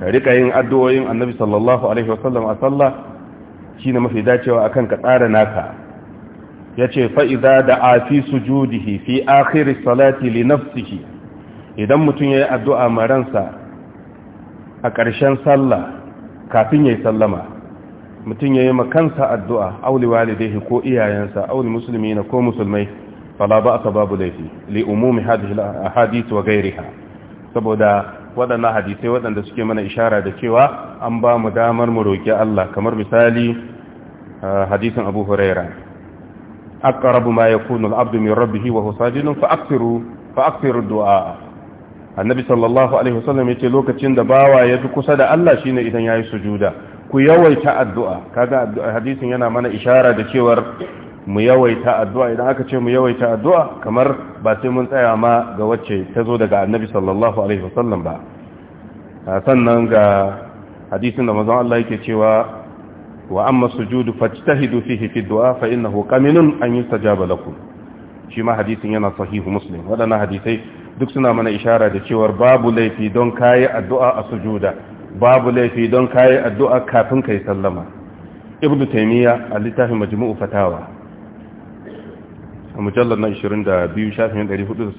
ka rika yin addu'o'in annabi sallallahu alaihi wasallam a sallah shine mafi dacewa akan ka tsara naka yace fa idza da'a fi sujudihi fi akhir salati li nafsihi idan mutun yayi addu'a maransa a ƙarshen sallah kafin yayi sallama mutum ya yi makansa addu'a auli walidai ko iyayensa auli musulmi na ko musulmai fala ba aka babu laifi li umumi hadith wa gairiha saboda waɗannan hadisai waɗanda suke mana ishara da cewa an ba mu damar mu roƙi Allah kamar misali hadisin Abu Huraira aqrabu ma yakunu al-abdu min rabbihi wa huwa sajidun fa akthiru fa du'a annabi sallallahu alaihi wasallam yace lokacin da bawa ya fi kusa da Allah shine idan yayi sujuda ku yawaita addu'a kaga hadisin yana mana ishara da cewar mu yawaita addu'a idan aka ce mu yawaita addu'a kamar ba sai mun tsaya ma ga wacce ta zo daga annabi sallallahu alaihi wasallam ba sannan ga hadisin da mazan Allah yake cewa wa amma sujudu fajtahidu fihi fi du'a fa innahu qaminun an yustajaba lakum shi ma hadisin yana sahihu muslim wadannan hadisai duk suna mana ishara da cewar babu laifi don kayi addu'a a sujuda babu laifi don kayi addu'a kafin kai sallama ibnu taymiya a littafin Majimu fatawa a mujallar na 22 shafin 475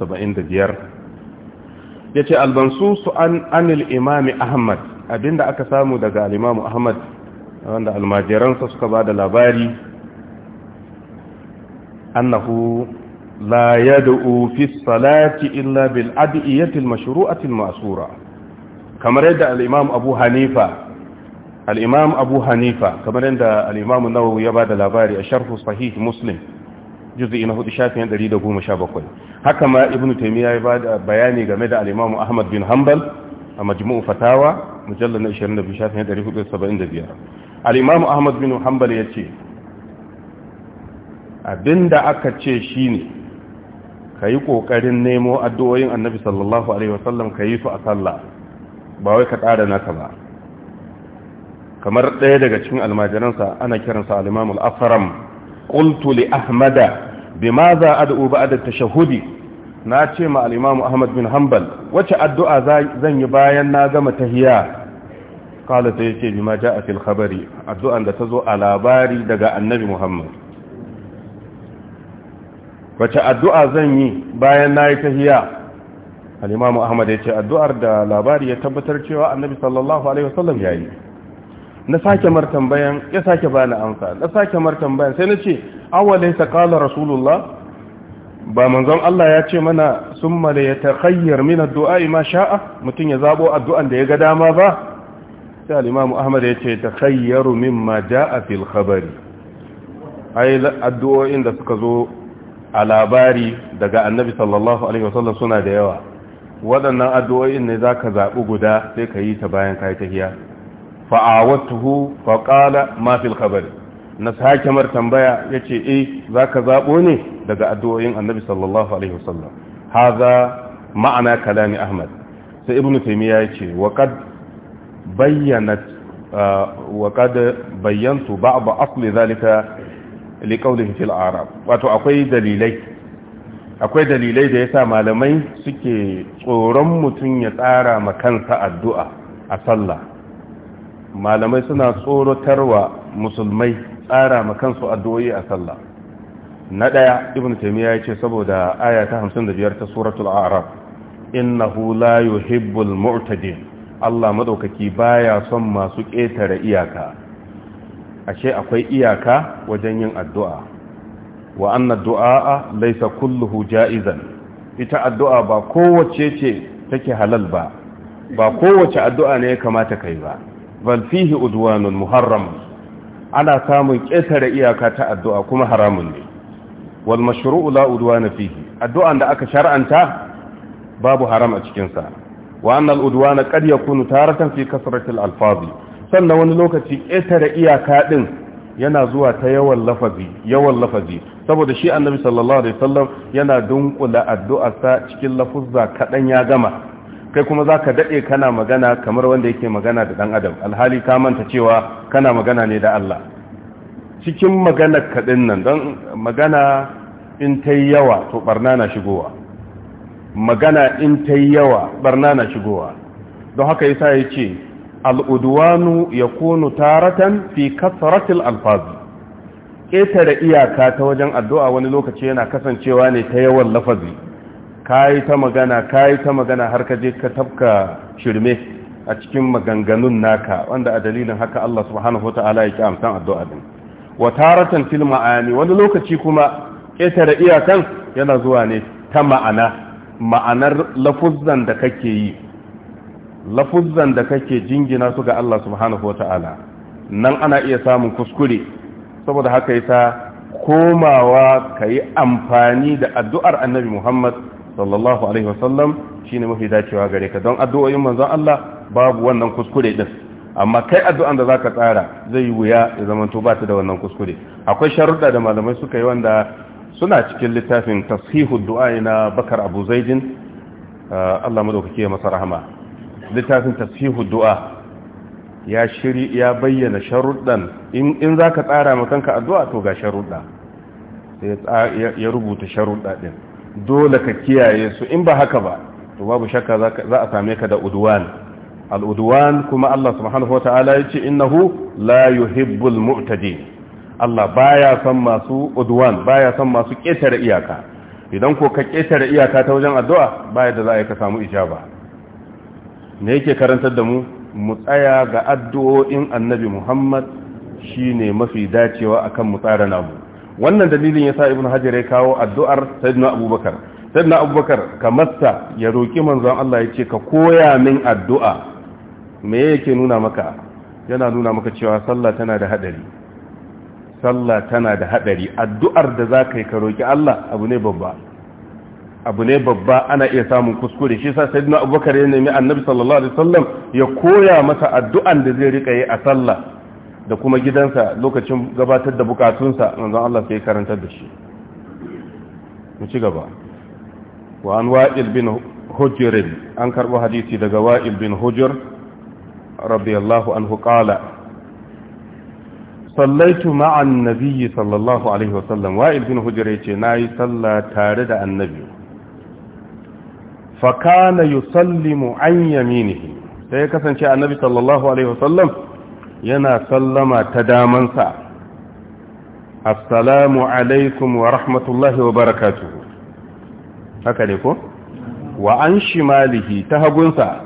albansusu an anil imami ahmad abinda aka samu daga alimamu ahmad wanda almajiransa suka ba da labari annahu la yad'u fi salati illa bil adiyatil mashru'atil ma'sura kamar yadda al'imam abu hanifa al'imam abu hanifa kamar yadda al'imam nawawi ya ba da labari a sharfu sahih muslim juzi na hudu shafin 117 haka ma ibn taimiyya ya ba da bayani game da al'imam ahmad bin hanbal a majmu'u fatawa mujallar na 22 shafin biyar. al'imam ahmad bin hanbal ya ce abinda aka ce ne ka yi ƙoƙarin nemo addu'o'in annabi sallallahu alaihi wasallam ka yi su a sallah ba wai ka ƙara naka ba kamar ɗaya daga cikin almajiransa ana kiransa al-imam ma za a li ahmada bimaza a da tashahudi na ce ma alimamu ahmad bin hambal wacce addu'a zan yi bayan na gama tahiyya kala ta ma ja a fil khabari addu'an da ta zo a labari daga annabi muhammad wacce addu'a zan yi bayan na yi tahiyya Alimamu ahmad ya ce addu'ar da labari ya tabbatar cewa annabi sallallahu alaihi wasallam yi na sake mar tambayan ya sake bani amsa na sake mar tambayan sai nace awalai ta qala rasulullah ba manzon Allah ya ce mana sun summa la yatakhayyar min addu'a dua ma sha'a mutun ya zaɓo addu'an da ya ga dama ba sai al ahmad ya ce ta takhayyaru mimma jaa fil khabari ai addu'o'in da suka zo a labari daga annabi sallallahu alaihi wasallam suna da yawa waɗannan addu'o'in ne za ka zaɓi guda sai ka yi ta bayan ka yi tahiya fa'awattuhu faƙala mafil kabari na sake mar tambaya ya ce e za ka zaɓo ne daga addu'o'in annabi sallallahu alaihi wasallam za ma'ana kalami ahmad sai ibn taimiyya ya ce waƙad uh, bayyantu ba ba asli zalika liƙaunin fil arab wato akwai dalilai akwai dalilai da yasa malamai suke tsoron mutum ya tsara ma kansa addu'a a sallah malamai suna tsorotarwa musulmai tsara ma kansu addu'o'i a sallah na daya ibn taymiya ce saboda aya ta 55 ta suratul a'raf innahu la yuhibbul mu'tadin Allah madaukaki baya son masu ƙetare iyaka ashe akwai iyaka wajen yin addu'a wa anna du'a Laisa kulluhu ja'izan ita addu'a ba kowace ce take halal ba ba kowace addu'a ne ya kamata kai ba bal fihi udwanun muharram ana samun ƙetare iyaka ta addu'a kuma haramun ne wal mashru'u la udwana fihi addu'an da aka shar'anta babu haram a cikin sa wa anna al udwana qad yakunu taratan fi kasrati alfazi sannan wani lokaci ƙetare iyaka din yana zuwa ta yawan lafazi yawan lafazi saboda shi annabi sallallahu alaihi wasallam yana dunkula addu'a addu'arsa cikin lafuzza kadan ya gama kai kuma zaka dade kana magana kamar wanda yake magana da dan adam alhali ka manta cewa kana magana ne da Allah cikin magana kaɗan nan dan magana in ta yawa to barna na shigowa magana in ta yawa barna na shigowa don haka yasa yace al'udwanu ya kunu taratan fi kasaratil alfazi ƙetare iyaka ta wajen addu'a wani lokaci yana kasancewa ne ta yawan lafazi kayi ta magana kayi ta magana har ka je ka tafka shirme a cikin maganganun naka wanda a dalilin haka Allah subhanahu wata'ala ya ƙi amsan addu'a din wa taratan fil ma'ani wani lokaci kuma ƙetare iyakan yana zuwa ne ta ma'ana ma'anar lafuzzan da kake yi lafuzzan da kake jingina su ga Allah subhanahu wata'ala nan ana iya samun kuskure saboda haka yasa komawa ka yi amfani da addu'ar annabi Muhammad sallallahu alaihi wasallam shine mafi dacewa gare ka don addu'o'in manzon Allah babu wannan kuskure din amma kai addu'an da za ka tsara zai yi wuya ya zamanto ba da wannan kuskure akwai sharuɗa da malamai suka yi wanda suna cikin littafin tashihu du'a na Bakar Abu Zaidin uh, Allah madaukake masa rahama littafin tasihu du'a ya shiri ya bayyana sharuɗan in za ka tsara makanka addu'a to ga sharuɗa ya rubuta sharuɗa ɗin dole ka kiyaye su in ba haka ba to babu shakka za a same ka da udwan al'udwan kuma Allah subhanahu wa ta'ala ya ce innahu la yuhibbul mu'tadi Allah baya son masu udwan baya son masu ƙetare iyaka idan ko ka ƙetare iyaka ta wajen addu'a baya da za a yi ka samu ijaba me yake karantar da mu mu tsaya ga addu'o'in annabi muhammad shine mafi dacewa akan mu tsara namu wannan dalilin yasa ibnu hajjar ya kawo addu'ar sayyidina abubakar sayyidina abubakar kamarsa ya roki manzon Allah ya ce ka koya min addu'a me yake nuna maka yana nuna maka cewa sallah tana da hadari sallah tana da hadari addu'ar da zakai yi ka roki Allah abu ne babba abu ne babba ana iya samun kuskure shi sa sai na abubakar ya nemi annabi sallallahu alaihi wasallam ya koya masa addu'an da zai rika yi a sallah da kuma gidansa lokacin gabatar da bukatunsa manzon Allah sai karantar da shi mu ci gaba wa an wa'il bin hujr an karbo hadisi daga wa'il bin hujr radiyallahu anhu qala sallaitu ma'an nabiyyi sallallahu alaihi wasallam wa'il bin hujr yace nayi sallah tare da annabi fakana yusallimu an yaminihi sai ya kasance annabi sallallahu alaihi wasallam yana sallama ta damansa assalamu alaikum wa rahmatullahi wa barakatuhu haka ne ko wa an shimalihi ta hagunsa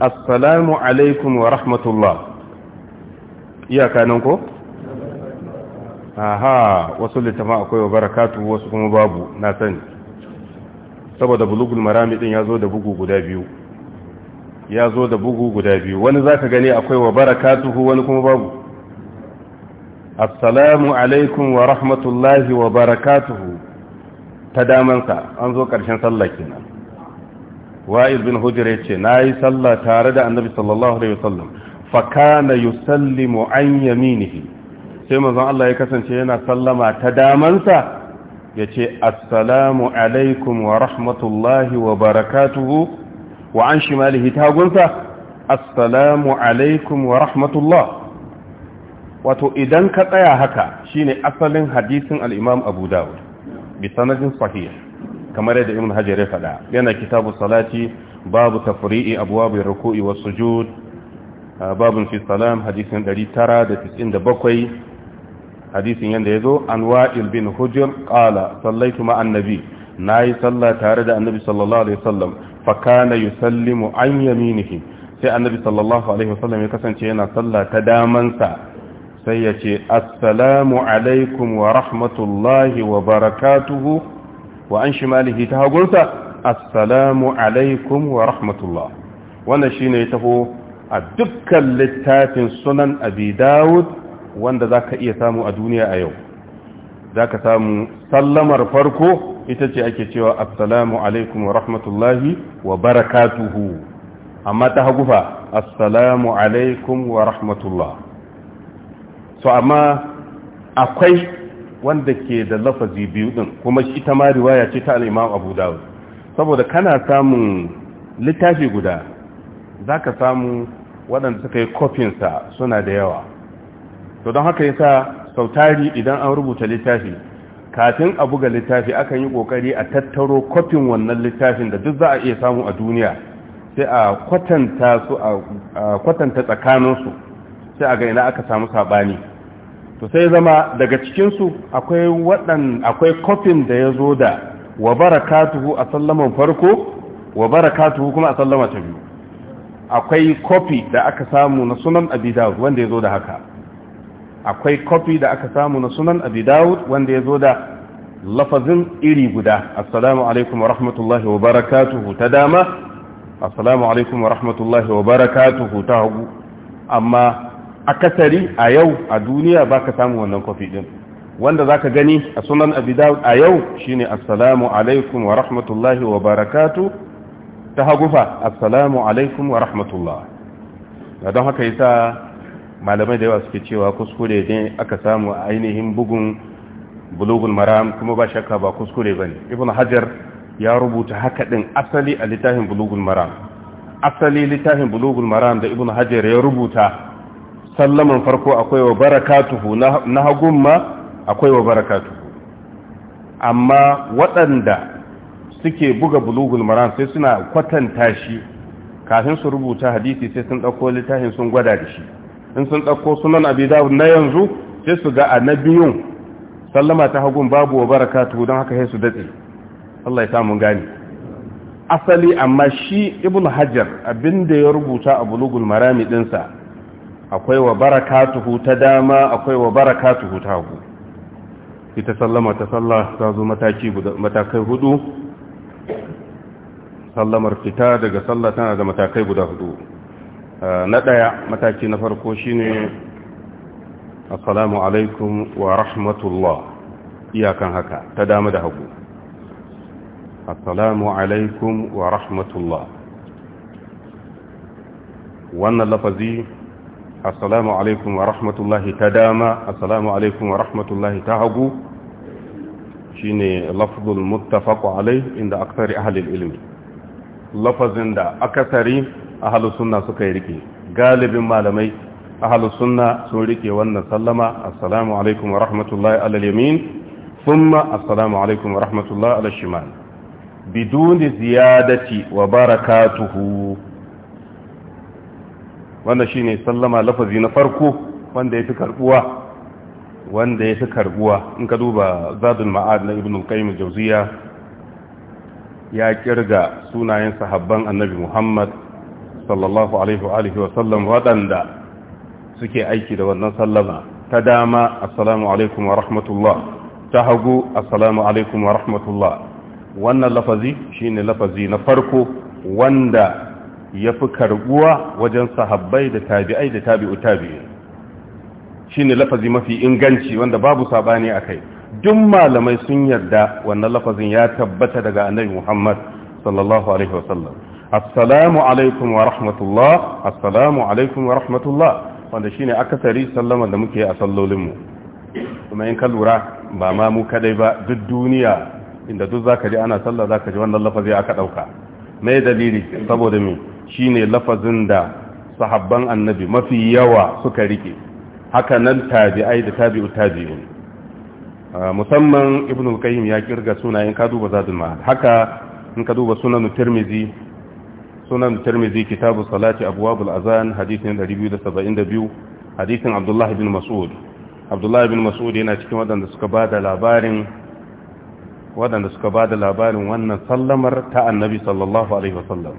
assalamu alaikum wa rahmatullah iyaka nan ko aha wasu littafin akwai wa barakatuhu wasu kuma babu na sani saboda bulugul marami din ya zo da bugu guda biyu ya zo da bugu guda biyu wani za ka gani akwai wa barakatuhu wani kuma babu assalamu alaikum wa rahmatullahi wa barakatuhu ta damansa an zo ƙarshen sallah kenan wa'il bin hujra ce na yi sallah tare da annabi sallallahu alaihi wasallam fa kana yusallimu an yaminihi sai manzon Allah ya kasance yana sallama ta damansa ya ce assalamu alaikum wa rahmatullahi wa barakatuhu wa an shimalihi tagunsa assalamu alaikum wa rahmatullah wato idan ka tsaya haka shine asalin hadisin alimam abu dawud bi sanadin sahih kamar yadda ibn hajar ya faɗa yana kitabu salati babu tafri'i abwabir ruku'i wasu sujud babun fi salam hadisin 997 hadisin yanda yazo an wa'il bin hujr qala sallaitu ma annabi nayi sallah tare da annabi sallallahu alaihi wasallam fa kana yusallimu an yaminihi sai annabi sallallahu alaihi wasallam ya kasance yana sallah ta damansa sai ya ce assalamu alaikum wa rahmatullahi wa barakatuhu wa an shimalihi ta hagunsa assalamu alaikum wa rahmatullah wannan shine ya taho a dukkan littafin sunan abi dawud wanda za ka iya samu a duniya a yau za ka samu sallamar farko ita ce ake cewa assalamu alaikum wa rahmatullahi wa barakatuhu amma ta hagufa assalamu alaikum wa rahmatullah so amma akwai wanda ke da lafazi biyu din kuma ita ma riwaya ce ta al-Imam Abu Dawud saboda kana samun littafi guda zaka samu waɗanda suka yi kofinsa suna da yawa to don haka yasa sautari idan an rubuta littafi kafin a buga littafi akan yi kokari a tattaro kofin wannan littafin da duk za a iya samu a duniya sai a kwatanta su a kwatanta tsakaninsu sai a ga ina aka samu sabani to sai zama daga cikinsu akwai wadan akwai kofin da yazo da wa barakatuhu a sallaman farko wa barakatuhu kuma a sallama ta biyu akwai kofi da aka samu na sunan Abidawu wanda ya zo da haka akwai kofi da aka samu na sunan abi dawud wanda ya zo da lafazin iri guda assalamu alaikum wa rahmatullahi wa barakatuhu ta dama assalamu alaikum wa rahmatullahi wa barakatuhu ta hagu amma akasari a yau a duniya baka samu wannan kofi din wanda zaka gani a sunan abi dawud a yau shine assalamu alaikum wa rahmatullahi wa barakatuhu ta hagu fa assalamu alaikum wa rahmatullah don haka yasa malamai da yawa suke cewa kuskure ne aka samu a ainihin bugun bulugun maram kuma ba shakka ba kuskure ne. Ibn hajar ya rubuta haka din asali a littafin bulugun maram asali littafin bulugun maram da Ibn hajar ya rubuta sallaman farko akwai wa barakatuhu na hagun ma akwai wa barakatuhu amma waɗanda suke buga bulugun maram sai suna kwatanta shi kafin su rubuta hadisi sai sun ɗauko littafin sun gwada da shi in sun ɗauko sunan abi dawud na yanzu sai su ga annabiyun sallama ta hagun babu wa baraka barakatuhu don haka sai su datse Allah ya samu gani asali amma shi ibn hajar abinda ya rubuta a bulugul marami dinsa akwai wa barakatuhu ta dama akwai wa barakatuhu ta hagu ita sallama ta sallah ta zo mataki matakai hudu sallamar fita daga sallah tana da matakai guda hudu Eh, na ɗaya mataki na farko shine assalamu alaikum wa rahmatullah iyakan haka ta dama da hagu assalamu alaikum wa rahmatullah wannan lafazi assalamu alaikum wa rahmatullahi ta dama assalamu alaikum wa rahmatullahi ta hagu shine lafzul muttafaq alai inda aksari ahli ilmi lafazin da akasari ahalus sunna suka yi rike galibin malamai ahalus sunna sun rike wannan sallama assalamu alaikum wa rahmatullahi alal yamin assalamu alaikum wa rahmatullahi alal shimal biduni ziyadati wa barakatuhu Wanda shi ne sallama lafazi na farko wanda ya fi karbuwa wanda ya fi karbuwa in ka duba zadul ma'ad na ibnu qayyim jawziya ya kirga sunayen sahabban annabi Muhammad sallallahu alaihi wa alihi waɗanda suke aiki da wannan sallama ta dama assalamu alaikum wa rahmatullah ta hagu assalamu alaikum wa rahmatullah wannan lafazi shine lafazi na farko wanda ya fi karbuwa wajen sahabbai da tabi'ai da tabi'u tabi'in shine lafazi mafi inganci wanda babu sabani a kai duk malamai sun yarda wannan lafazin ya tabbata daga annabi Muhammad sallallahu alaihi wasallam assalamu alaikum wa rahmatullah assalamu alaikum wa rahmatullah wanda shine akasari sallama da muke a sallolinmu kuma in ka lura ba ma mu kadai ba duk duniya inda duk zaka ji ana sallah zaka ji wannan lafazi aka dauka mai dalili saboda me shine lafazin da sahabban annabi mafi yawa suka rike haka nan tabi'ai da tabi'u tabi'in ah, musamman ibnu qayyim ya kirga sunayen ka duba zadul haka in ka duba sunan tirmizi sunan tirmizi kitabu salati abwabul azan hadisin 272 hadithin abdullahi bin mas'ud abdullahi bin mas'ud yana cikin waɗanda suka bada labarin waɗanda suka bada labarin wannan sallamar ta annabi sallallahu alaihi wasallam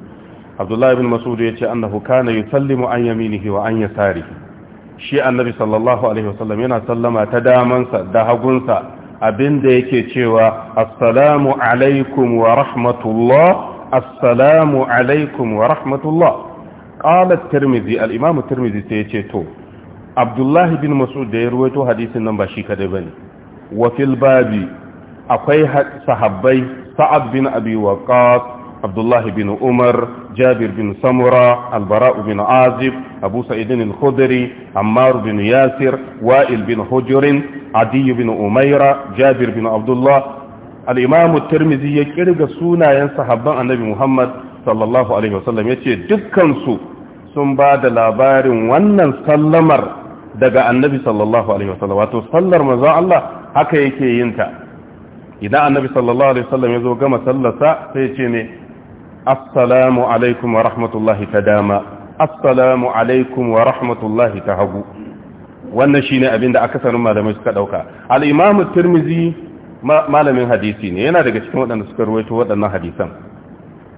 abdullahi bin mas'ud yace annahu kana yusallimu an yaminihi wa an yasarihi shi annabi sallallahu alaihi wasallam yana sallama ta damansa da hagunsa abinda yake cewa assalamu alaikum wa rahmatullah assalamu alaikum wa rahmatullah qala Tirmizi, al-imam Tirmizi. tirmidhi sai yace to abdullahi bin mas'ud da ya ruwaito hadisin nan ba shi kadai bane wa babi akwai sahabbai sa'ad bin abi waqas عبد بن عمر جابر بن سمرة البراء بن عازب أبو سعيد الخدري عمار بن ياسر وائل بن حجر عدي بن أميرة جابر بن عبد الله al'imamu turmizi ya kirga sunayen sahabban annabi muhammad sallallahu alaihi wasallam ya ce dukansu sun ba da labarin wannan sallamar daga annabi sallallahu alaihi wasallam wato sallar manzon Allah haka yake yin ta idan annabi sallallahu alaihi wasallam ya zo gama sallarsa sai ya ce ne assalamu alaikum wa rahmatullahi ta dama assalamu alaikum wa rahmatullahi ta hagu wannan shine abin da akasarin malamai suka ɗauka al-imamu malamin hadisi ne yana daga cikin waɗanda suka ruwaito waɗannan hadisan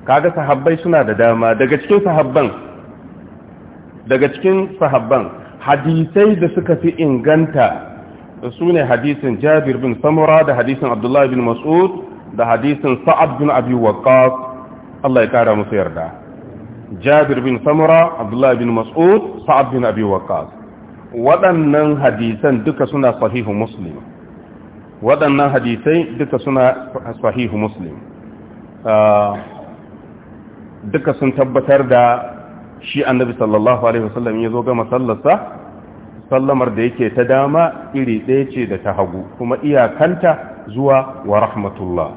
kaga sahabbai suna da dama daga cikin sahabban daga cikin sahabban hadisai da suka fi inganta su ne hadisin jabir bin samura da hadisin abdullahi bin mas'ud da hadisin sa'ad bin abi waqqas Allah ya kara musu yarda jabir bin samura abdullahi bin mas'ud sa'ad bin abi waqqas waɗannan hadisan duka suna sahihu muslim waɗannan hadisai duka suna sahihu muslim ah, duka sun tabbatar da shi annabi sallallahu alaihi wasallam ya zo ga masallarsa sallamar da yake ta dama iri ɗaya ce da ta hagu kuma iyakanta zuwa wa rahmatullah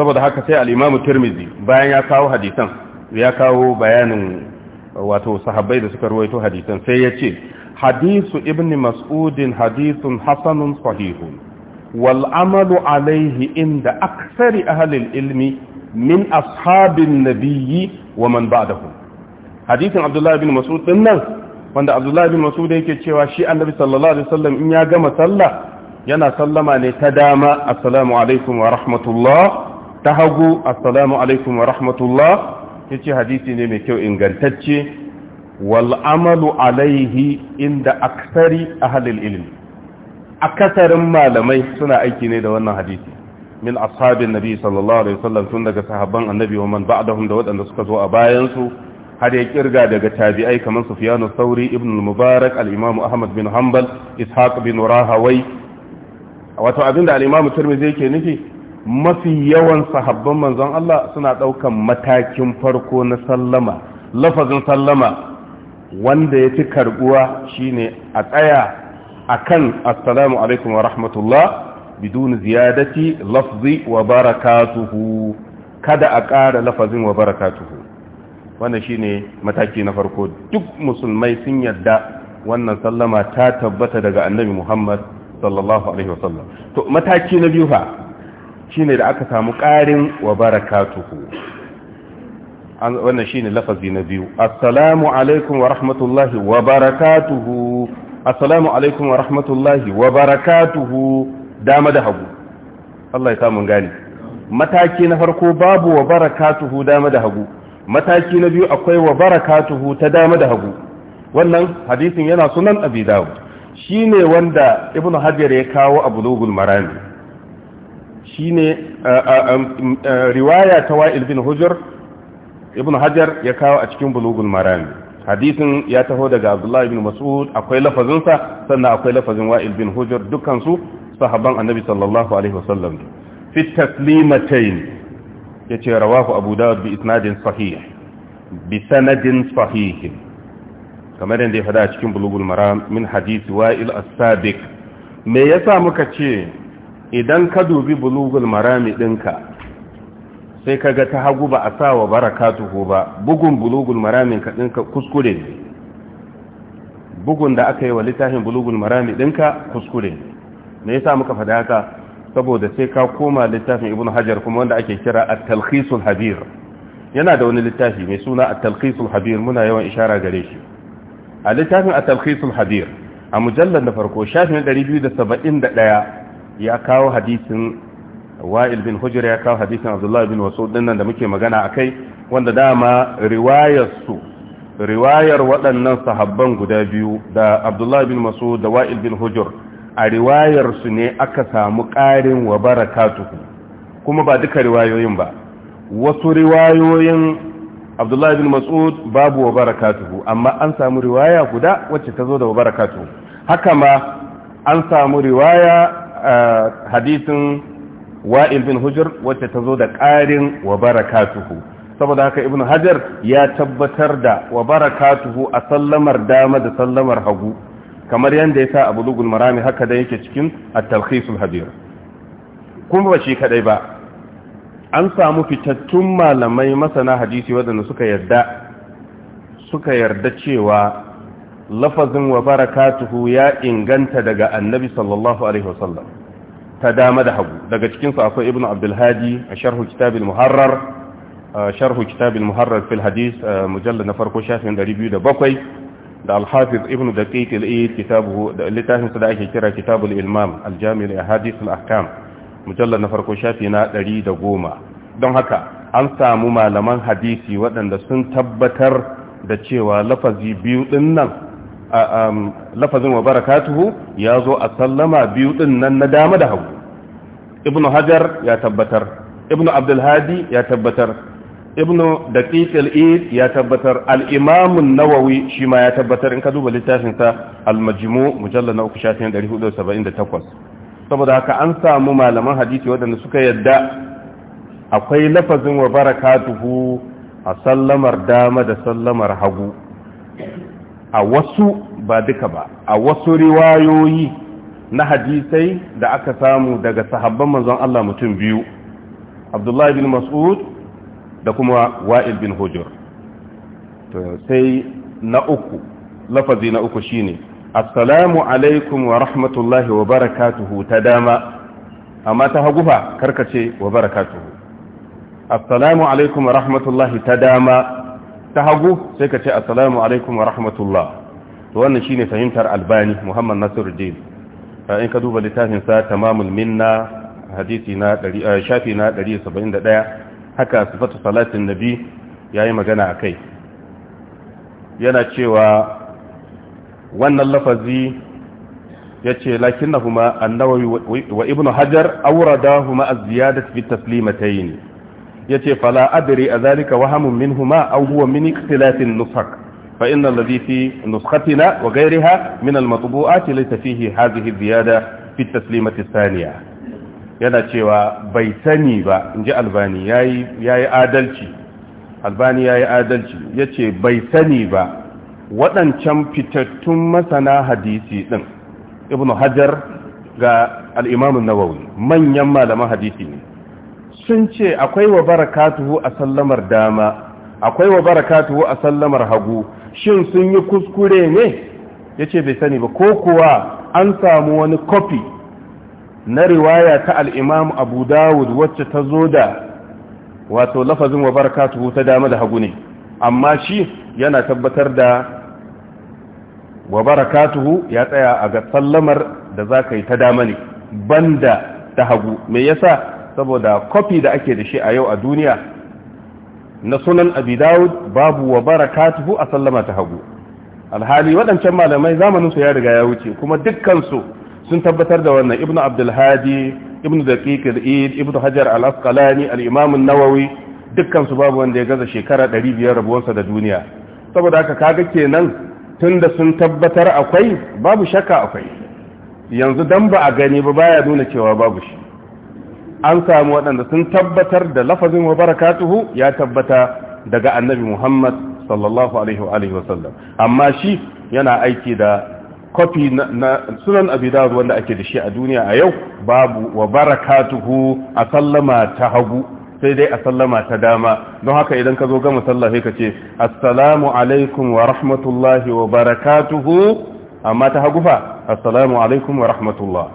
saboda haka sai al'imamu turmizi bayan ya kawo hadisan ya kawo bayanin wato sahabbai da suka ruwaito hadisan sai ya ce hadisu ibn mas'udin hadisun hasanun sahihun والعمل عليه عند أكثر أهل العلم من أصحاب النبي ومن بعده حديث عبد الله بن مسعود إنه wanda abdullahi bin masud yake cewa shi annabi sallallahu alaihi wasallam in ya gama sallah yana sallama ne ta dama assalamu alaikum wa rahmatullah ta hagu assalamu alaikum wa rahmatullah yace hadisi ne mai kyau ingantacce wal amalu alaihi inda aksari ahlul ilmi akasarin malamai suna aiki ne da wannan hadisi min ashabin nabi sallallahu alaihi wasallam tun daga sahabban annabi wa man ba'dahum da waɗanda suka zo a bayan su har ya kirga daga tabi'ai kamar Sufyan al-Thawri ibn al-Mubarak al-Imam Ahmad bin Hanbal Ishaq bin Rahawai wato abinda al-Imam Tirmidhi yake nufi mafi yawan sahabban manzon Allah suna daukan matakin farko na sallama lafazin sallama wanda ya ci karbuwa shine a tsaya akan assalamu alaikum wa rahmatullah bidun ziyadati lafzi wa barakatuhu kada a ƙara lafazin wa barakatuhu wannan shine mataki na farko duk musulmai sun yadda wannan sallama ta tabbata daga annabi Muhammad sallallahu alaihi wasallam to mataki na biyu fa shine da aka samu ƙarin wa barakatuhu wannan shine lafazi na biyu assalamu alaikum wa rahmatullahi wa barakatuhu assalamu alaikum wa rahmatullahi wa barakatuhu dama da hagu Allah ya samu gani mataki na farko babu wa barakatuhu dama da hagu mataki na biyu akwai wa barakatuhu ta dama da hagu wannan hadisin yana sunan abi dawud shine wanda Ibn hajar ya kawo a bulugul marami shine riwaya ta wa'il bin hujr ibnu hajar ya kawo a cikin bulugul marami hadisin ya taho daga abdullahi bin mas'ud akwai lafazinsa sannan akwai lafazin wa'il bin hujjar dukansu sahaban annabi sallallahu alaihi wasallam fi taslimatain yace rawahu abu dawud bi isnadin sahih bi sanadin sahih kamar yadda ya fada cikin bulugul maram min hadisi wa'il as me yasa muka ce idan ka dubi bulugul marami dinka sai kaga ta hagu ba a sa wa tuho ba bugun bulugul maramin ka kuskure bugun da aka yi wa littafin bulugul marami dinka kuskure ne me yasa muka faɗa haka saboda sai ka koma littafin ibnu hajar kuma wanda ake kira at-talkhisul habir yana da wani littafi mai suna at-talkhisul habir muna yawan ishara gare shi a littafin at-talkhisul habir a mujallar da farko shafin 271 ya kawo hadisin wa'il bin hujjar ya kawo hadisin abdullah bin wasu dinnan da muke magana a kai wanda dama riwayarsu riwayar waɗannan sahabban guda biyu da abdullah bin wasu da wa'il bin hujjar a riwayarsu ne aka samu ƙarin wa barakatuhu kuma ba duka riwayoyin ba wasu riwayoyin abdullah bin mas'ud babu wa amma an samu riwaya guda wacce ta zo da wa haka ma an samu riwaya eh, hadisin wa'il bin hujjar wacce ta zo da ƙarin wa barakatuhu saboda haka ibn hajar ya tabbatar da wa barakatuhu a sallamar dama da sallamar hagu kamar yadda ya sa abu lugun marami haka da yake cikin a talkhisul hadir kuma ba shi kadai ba an samu fitattun malamai masana hadisi waɗanda suka yarda suka yarda cewa lafazin wa barakatuhu ya inganta daga annabi sallallahu alaihi wasallam ta dama da hagu daga cikinsu akwai ibnu abdulhadi a sharhu kitabin muharrar sharhu kitabil muharrar fil hadis mujalla na farko shafin 207 da alhafiz ibn daqiq al-eid kitabuhu da littafin sa da ake kira kitabul ilmam al-jami' li ahadith al-ahkam mujalla na farko shafi na 110 don haka an samu malaman hadisi waɗanda sun tabbatar da cewa lafazi biyu din nan Um, lafazin wa barakatuhu ya zo a sallama biyu ɗin nan na dama da hagu ibnu hajar ya tabbatar ibnu abdulhadi ya tabbatar ibnu daqiq al-eid ya tabbatar al nawawi shi ma ya tabbatar in ka duba littafin sa al-majmu mujallal na 3478 saboda haka an samu malaman hadisi waɗanda suka yadda akwai lafazin wa barakatuhu a sallamar dama da sallamar hagu a wasu ba duka ba a wasu riwayoyi na hadisai da aka samu daga sahabban manzon Allah mutum biyu abdullahi bin mas'ud da kuma wa'il bin hujur to sai na uku lafazi na uku shine assalamu alaikum wa rahmatullahi wa barakatuhu ta dama amma ta hagu fa karkace wa barakatuhu assalamu alaikum wa rahmatullahi ta dama ta hagu sai ka ce assalamu alaikum wa rahmatullah to wannan shine fahimtar albani muhammad nasiruddin in ka duba littafin sa tamamul minna hadisi na eh, shafi na 171 haka sifatu salatin nabi yayi magana akai yana cewa wannan lafazi yace lakinnahuma an wa ibnu hajar awradahuma az-ziyadatu fi taslimatayn yace fala adri azalika wahamun huma aw huwa min ikhtilafin nusakh fa inna alladhi fi nuskhatina wa ghayriha min al laysa fihi hadhihi ziyada fi taslimati yana cewa bai sani ba inji albani yayi yayi adalci albani yayi adalci yace bai sani ba waɗancan fitattun masana hadisi ɗin ibnu hajar ga al'imamin nawawi manyan malaman hadisi ne sun ce akwai wa barakatuhu a sallamar dama akwai wa barakatuhu a sallamar hagu shin sun yi kuskure ne yace bai sani ba ko kuwa an samu wani kofi na riwaya ta Al'imam imam Abu Dawud wacce ta zo da wato lafazin wa barakatuhu ta dama da hagu ne amma shi yana tabbatar da wa barakatuhu ya tsaya a ga sallamar da ka yi ta dama ne banda ta hagu me yasa saboda kofi da ake da shi a yau a duniya na sunan abi babu wa barakatuhu a sallama ta hagu alhali waɗancan malamai zamanin su ya riga ya wuce kuma dukkan su sun tabbatar da wannan ibnu abdulhadi ibnu daqiq al ibnu hajar al-asqalani al-imam an-nawawi dukkan su babu wanda ya gaza shekara 500 rabuwarsa da duniya saboda haka kaga kenan tunda sun tabbatar akwai babu shakka akwai yanzu dan ba a gani ba baya nuna cewa babu shi an samu waɗanda sun tabbatar da lafazin wa barakatuhu ya tabbata daga annabi Muhammad sallallahu alaihi wa wasallam amma shi yana aiki da kofi na sunan abidawar wanda ake da shi a duniya a yau babu wa barakatuhu a sallama ta hagu sai dai a sallama ta dama don haka idan ka zo gama sallah sai ka ce assalamu alaikum wa rahmatullahi wa barakatuhu amma ta hagu fa assalamu alaikum wa rahmatullah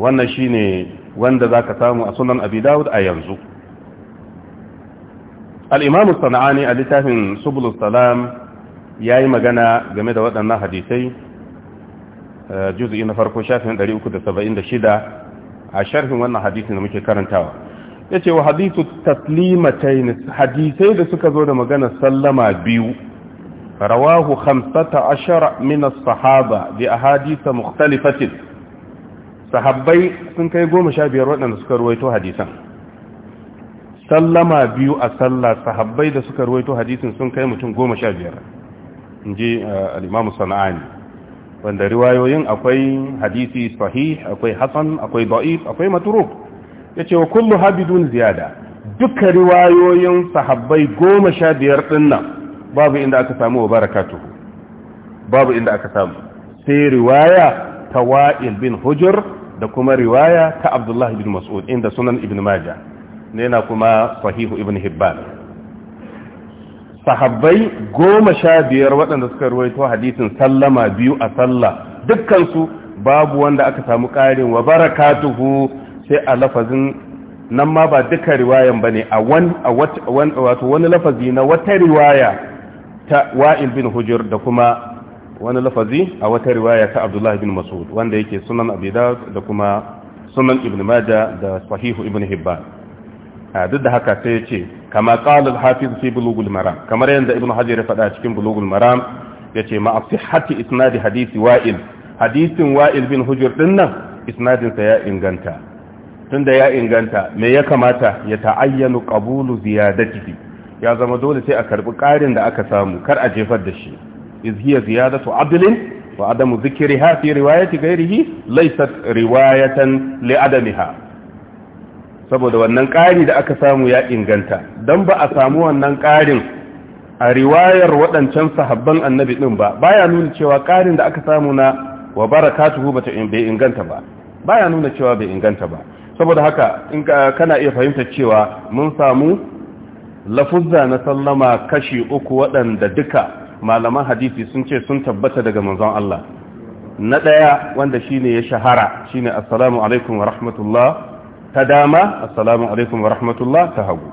wannan shine wanda za ka samu a sunan abi dawud a yanzu al'imamu sana'ani a littafin subulus salam ya yi magana game da waɗannan hadisai eh, juzi na farko shafin 376 a sharhin wannan hadisai da muke karantawa ya ce wa hadisu taslimatain hadisai da suka zo da magana sallama biyu rawahu 15 min as-sahaba bi ahadith mukhtalifatin sahabbai sun kai goma sha biyar waɗanda suka ruwaito hadisan sallama biyu a sallah sahabbai da suka ruwaito hadisin sun kai mutum goma sha biyar in ji uh, al'imamu sana'ani wanda riwayoyin akwai hadisi sahih akwai hasan akwai da'if akwai maturuk ya ce wa kullu habidun ziyada duka riwayoyin sahabbai goma sha biyar ɗinnan babu inda aka samu wa barakatuhu babu inda aka samu sai riwaya ta wa'il bin hujjar da kuma riwaya ta abdullahi bin mas'ud inda sunan ibn majah ne na kuma sahihu ibn hibban sahabbai goma sha biyar waɗanda suka ruwaito hadisin sallama biyu a sallah dukkansu babu wanda aka samu ƙarin wa barakatuhu sai a lafazin nan ma ba duka riwayan ba ne a wani lafazi na wata riwaya ta wa'il bin hujur da kuma wani lafazi a wata riwaya ta abdullahi bin mas'ud wanda yake sunan abi da kuma sunan ibn maja da sahihu ibn hibban duk da haka sai ya ce kama qala al-hafiz fi bulugul maram kamar yadda ibn hajar ya faɗa cikin bulugul maram yace ma sihhati isnadi hadisi wa'il hadisin wa'il bin hujr din nan isnadin ya inganta tunda ya inganta me ya kamata ya ta'ayyanu qabulu ziyadatihi ya zama dole sai a karbi ƙarin da aka samu kar a jefar da shi إذ هي زيادة عدل وعدم ذكرها في رواية غيره ليست رواية riwayatan li saboda wannan ƙari da aka samu ya inganta don ba a samu wannan ƙarin a riwayar waɗancan sahabban annabi din ba baya nuna cewa ƙarin da aka samu na wa ba bata bai inganta ba baya nuna cewa bai inganta ba saboda haka in kana iya fahimtar cewa mun samu lafuzza na sallama kashi uku waɗanda duka malaman hadisi sun ce sun tabbata daga manzon Allah na ɗaya wanda shine ya shahara shine assalamu alaikum wa rahmatullah ta dama assalamu alaikum wa rahmatullah ta hagu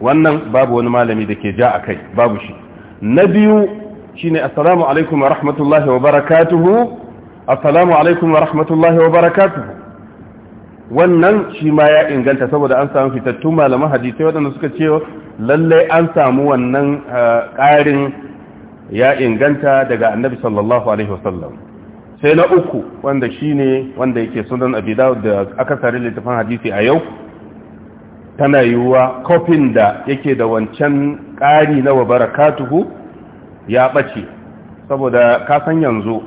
wannan babu wani malami da ke ja a kai babu shi na biyu shine assalamu alaikum wa rahmatullahi wa barakatuhu assalamu alaikum wa rahmatullahi wa barakatuhu wannan shi ma ya inganta saboda an samu fitattun malaman hadisi waɗanda suka ce lallai an samu wannan eh, ƙarin ya inganta daga annabi sallallahu alaihi wasallam sai na uku wanda shine wanda yake sunan abi dawud da sare littafin hadisi a yau tana yiwuwa kofin da yake da wancan ƙari na wabarakatuhu ya ɓace saboda kasan yanzu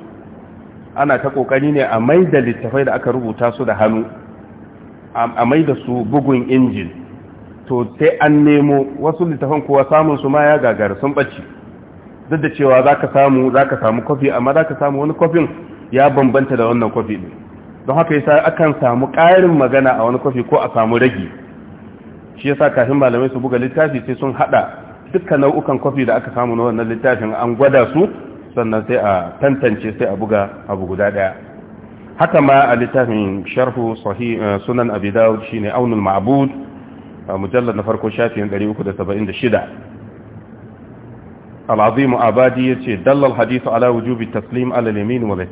ana ta ƙoƙari ne a mai da littafai da aka rubuta su da hannu a mai da su bugun injin to sai an nemo wasu littafan kuwa samun su ma ya gagara sun ɓace duk da cewa za ka samu za ka samu kwafi amma za ka samu wani kwafin ya bambanta da wannan kwafi ne don haka yasa akan samu ƙarin magana a wani kwafi ko a samu ragi shi yasa kafin malamai su buga littafi sai sun haɗa duka nau'ukan kwafi da aka samu na wannan littafin an gwada su sannan sai a tantance sai a buga abu guda daya haka ma a littafin sharhu sahih eh, sunan abi dawud shine aunul ma'bud mujallar na farko shafin 376 al abadi ya ce dallal hadithu ala wujubi taslim ala wa al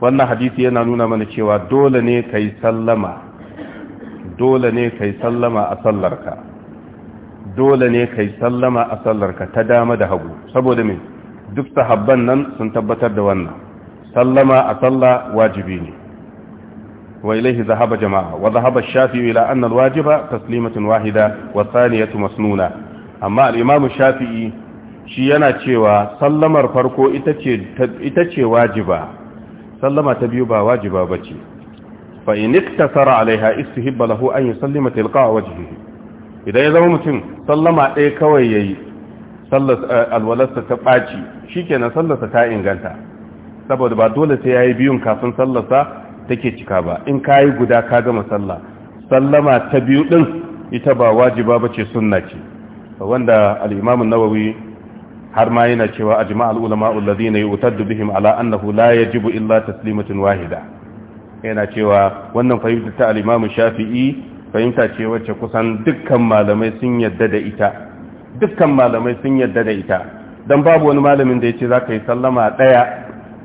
wannan hadisi yana nuna mana cewa dole ne kai sallama dole ne kai sallama a sallarka dole ne kai sallama a sallarka ta dama da hagu saboda me duk sahabban nan sun tabbatar da wannan sallama a sallah wajibi ne وإليه ذهب جماعة وذهب الشافعي إلى أن الواجب تسليمة واحدة masnuna amma al الإمام shafi'i. shi yana cewa sallamar farko ita ce wajiba sallama ta biyu ba wajiba ba ce fa in iktasara alaiha istihibba lahu an yusallima tilqa wajhihi idan ya zama mutum sallama ɗaya kawai yayi eh, alwalarsa ta ɓaci shikenan sallarsa ta inganta saboda ba dole sai yayi biyun kafin sallarsa take cika ba in kayi guda ka gama sallah sallama ta biyu din ita ba wajiba bace sunna ce wanda al nawawi har ma yana cewa a ajma'al ulama alladhina yu'taddu bihim ala annahu la jibu illa taslimatin wahida yana cewa wannan fahimta ta al shafi'i fahimta ce wacce kusan dukkan malamai sun yadda da ita dukkan malamai sun yadda da ita dan babu wani malamin da ya za zaka yi sallama ɗaya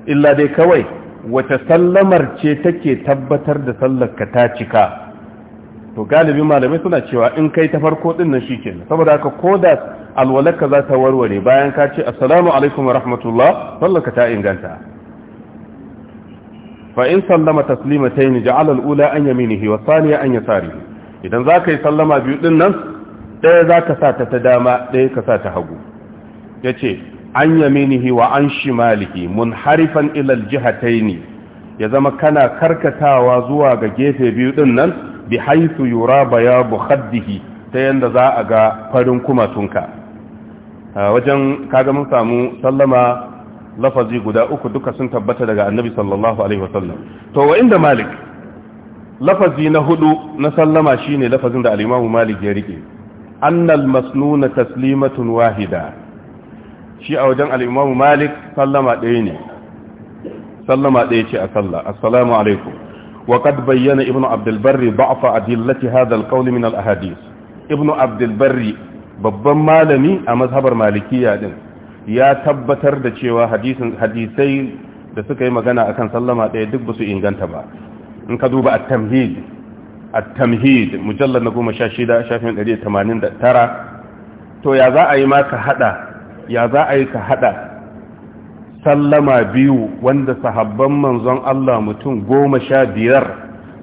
illa dai kawai wace sallamar ce take tabbatar da sallar ka ta cika to galibin malamai suna cewa in kai ta farko din nan kenan saboda haka koda alwalaka za ta warware bayan ka ce assalamu alaikum wa rahmatullah sallaka ta inganta fa in sallama taslimatayn ja'ala al'ula an yaminihi wa thaniya an yasarihi idan za ka yi sallama biyu din nan daya ka sa ta ta dama ɗaya ka sa ta hagu yace an yaminihi wa an shimalihi munharifan ila al ne. ya zama kana karkatawa zuwa ga gefe biyu din nan bi yura bayabu khaddihi ta yanda za a ga farin kumatunka wajen kaga mun samu sallama lafazi guda uku duka sun tabbata daga annabi sallallahu alaihi wasallam to wa inda malik lafazi na hudu na sallama shine lafazin da al-imamu malik ya rike annal masnuna taslimatun wahida shi a wajen al-imamu malik sallama daya ne sallama daya ce a sallah assalamu alaikum wa qad bayyana ibnu abdul barri da'fa adillati hadha al-qawl min al-ahadith ibnu abdul barri babban malami a mazhabar malikiya din ya tabbatar da cewa hadisai da suka yi magana akan sallama ɗaya duk ba su inganta ba in ka duba at-tamhid at-tamhid mujallad na goma sha shida shafin ɗari tamanin da tara to ya za a yi ma ka haɗa ya za a yi ka haɗa sallama biyu wanda sahabban manzon Allah mutum goma sha biyar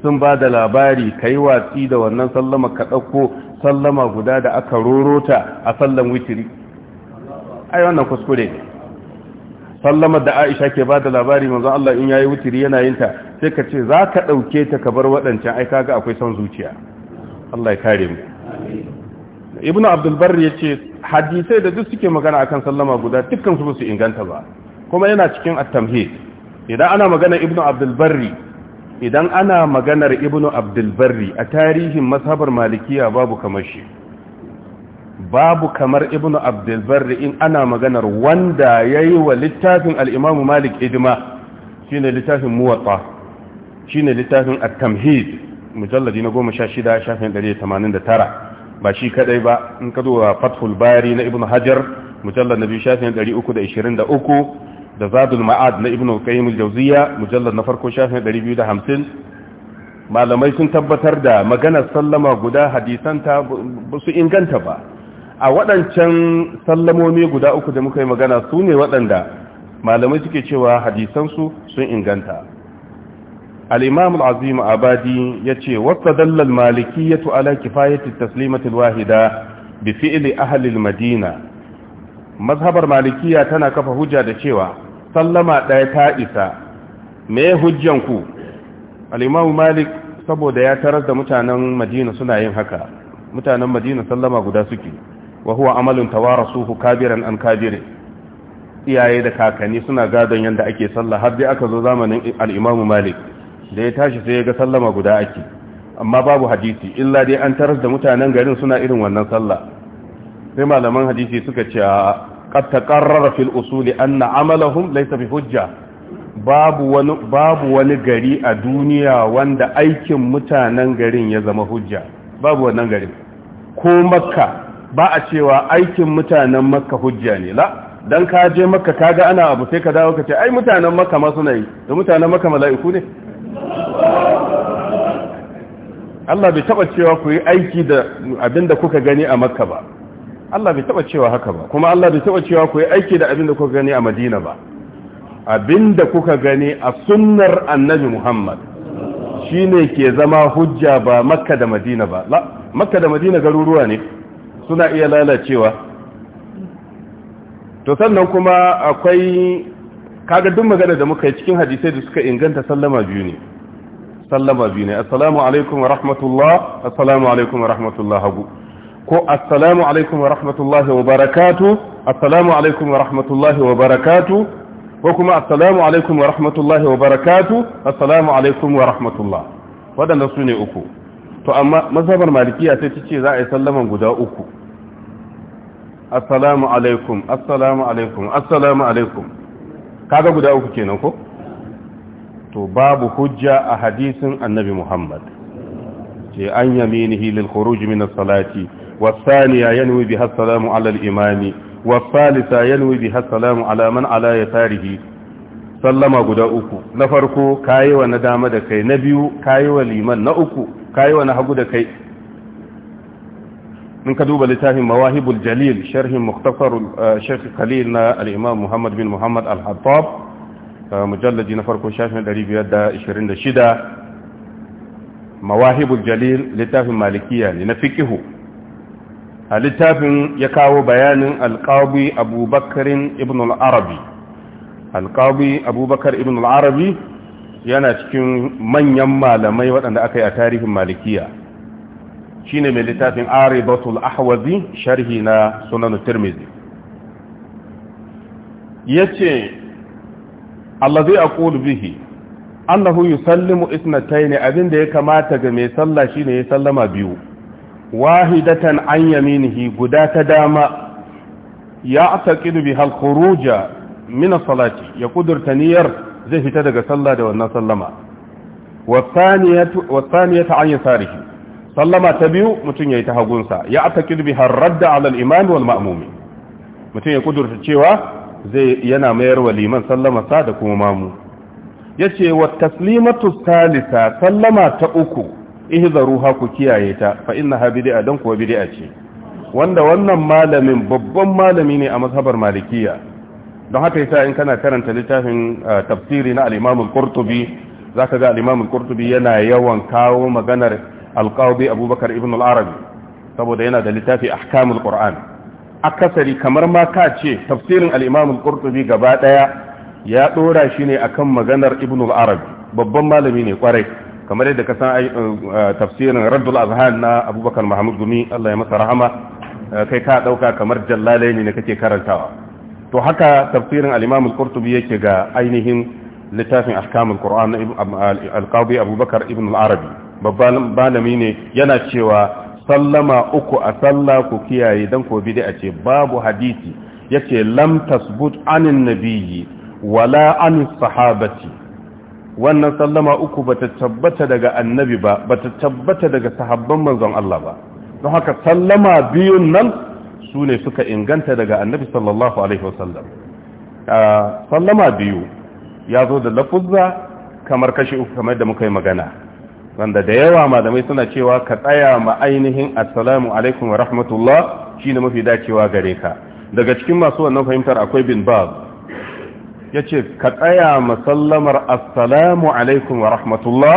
sun ba da labari ka yi watsi da wannan sallama ka ɗauko sallama guda da aka rorota a sallan witiri ai wannan kuskure ne sallamar da Aisha ke bada labari manzo Allah in yayi witiri yana yin ta sai ka ce zaka dauke ta ka bar wadancan ai kaga akwai son zuciya Allah ya kare mu Ibn Abdul Barr yace hadisai da duk suke magana akan sallama guda dukkan su su inganta ba kuma yana cikin at-tamhid idan ana magana Ibn Abdul Barr idan ana maganar ibnu abdulbarri a tarihin mazhabar malikiya babu kamar shi babu kamar ibnu abdulbarri in ana maganar wanda ya yi wa littafin al'imamu malik idima shi ne littafin muwatsa shi ne littafin at-tamhid mujalladi na goma sha shida shafin ɗari tamanin da tara ba shi kadai ba in ka zuwa fathul bari na ibnu hajar mujallar na biyu shafin ɗari uku da ishirin da uku da zadul ma'ad na ibn qayyim al mujallar mujallad na farko shafin 250 malamai sun tabbatar da maganar sallama guda hadisanta su inganta ba a waɗancan sallamomi guda uku da muka yi magana su ne waɗanda malamai suke cewa hadisansu sun inganta al-imam al-azim abadi yace wasadalla al-malikiyyatu ala kifayati at-taslimati al-wahida bi fi'li ahli al-madina mazhabar malikiya tana kafa hujja da cewa sallama ɗaya ta isa me hujjanku al'imamu malik saboda ya tarar da mutanen madina suna yin haka mutanen madina sallama guda suke wa huwa amalin tawara suhu kabiran an kabire iyaye da kakanni suna gadon yadda ake sallah har dai aka zo zamanin al'imamu malik da ya tashi sai ya ga sallama guda ake amma babu hadisi illa dai an tarar da mutanen garin suna irin wannan sallah sai malaman hadisi suka ce قد تقرر في usuli أن عملهم ليس bi hujja babu wani gari a duniya wanda aikin mutanen garin ya zama hujja babu wannan garin ko makka dan ka je makka kaga ana abu sai ka dawo ka ce ai mutanen makka ma suna yi da mutanen makka mala'iku ne Allah bai taba cewa ku yi aiki da abinda kuka gani a makka ba Allah bai taba cewa haka ba kuma Allah bai taba cewa ku yi aiki da abin da kuka gani a Madina ba abin da kuka gani a sunnar Annabi Muhammad shine ke zama hujja ba Makka da Madina ba la Makka da Madina garuruwa ne suna iya lalacewa to sannan kuma akwai kaga duk magana da muka yi cikin hadisai da suka inganta sallama biyu ne sallama biyu ne assalamu alaikum wa rahmatullah assalamu alaikum wa rahmatullah hagu ko assalamu alaikum wa rahmatullahi wa barakatu assalamu alaikum wa rahmatullahi wa barakatu ko kuma assalamu alaikum wa rahmatullahi wa barakatu assalamu alaikum wa rahmatullah waɗanda su ne uku to amma mazhabar malikiya sai ta ce za a yi sallaman guda uku assalamu alaikum assalamu alaikum assalamu alaikum kaga guda uku kenan ko to babu hujja a hadisin annabi muhammad ce an yaminihi lil khuruj min as-salati والثانية ينوي بها السلام على الإمام والثالثة ينوي بها السلام على من على يساره sallama guda uku na farko kayewa na dama da kai na biyu kayewa liman na uku kayewa na hagu da kai in ka duba littafin mawahibul jalil sharhin muktasarul shaykh khalil na al muhammad bin muhammad al-hattab mujallaji na farko shafin littafin malikiya ne na fikihu. a littafin ya kawo bayanin alƙawi abubakarin ibn al'arabi alƙawi abubakar ibn al'arabi yana cikin manyan malamai waɗanda aka yi a tarihin malikiya shi ne mai littafin aribatul ahwazi sharhi na sunanu tirmizi ya ce Allah zai a bihi annahu yusallimu isnatai ne abinda ya kamata ga mai sallah shine ya sallama biyu wahidatan an yaminihi guda ta dama ya ataqidu biha hal khuruja min salati ya kudurta niyar zai fita daga sallah da wannan sallama Wa wasaniyatu an yasarihi sallama ta biyu mutum yayi ta hagunsa ya ataqidu biha har radda 'ala al-imam wal ma'mum mutum ya kudurta cewa zai yana mayar wa liman sallama sa da kuma mamu yace wa taslimatu salisa sallama ta uku ihzaruha ku kiyaye ta fa innaha bid'a dan kuwa bid'a ce wanda wannan malamin babban malami ne a mazhabar malikiya don haka yasa in kana karanta littafin tafsiri na al-Imam al-Qurtubi zaka ga al-Imam al-Qurtubi yana yawan kawo maganar al Abubakar ibn al-Arabi saboda yana da littafi ahkamul Qur'an akasari kamar ma ka ce tafsirin al-Imam al-Qurtubi gaba daya ya dora shi ne akan maganar ibn al-Arabi babban malami ne kwarai kamar yadda ka san um, uh, tafsirin raddul azhan na abubakar mahmud gumi Allah ya masa rahama uh, kai ka dauka kamar jallalai ne kake karantawa to haka tafsirin al-imam al-qurtubi yake ga ainihin littafin ahkamul qur'an um, al-qadi abubakar ibn al-arabi babban malami ne yana cewa sallama uku a sallah ku kiyaye dan ko a ce babu hadisi yace lam tasbut anin nabiyyi wala anis sahabati wannan sallama uku ba ta tabbata daga annabi ba ba ta tabbata daga sahabban manzon Allah ba don haka sallama biyun nan su ne suka inganta daga annabi sallallahu alaihi wasallam sallama biyu ya zo da lafuzza kamar kashi uku kamar da muka yi magana wanda da yawa malamai suna cewa ka tsaya ma ainihin assalamu alaikum wa rahmatullah shine mafi dacewa gare ka daga cikin masu wannan fahimtar akwai bin baz ya ce ka tsaya masallamar assalamu alaikum wa rahmatullah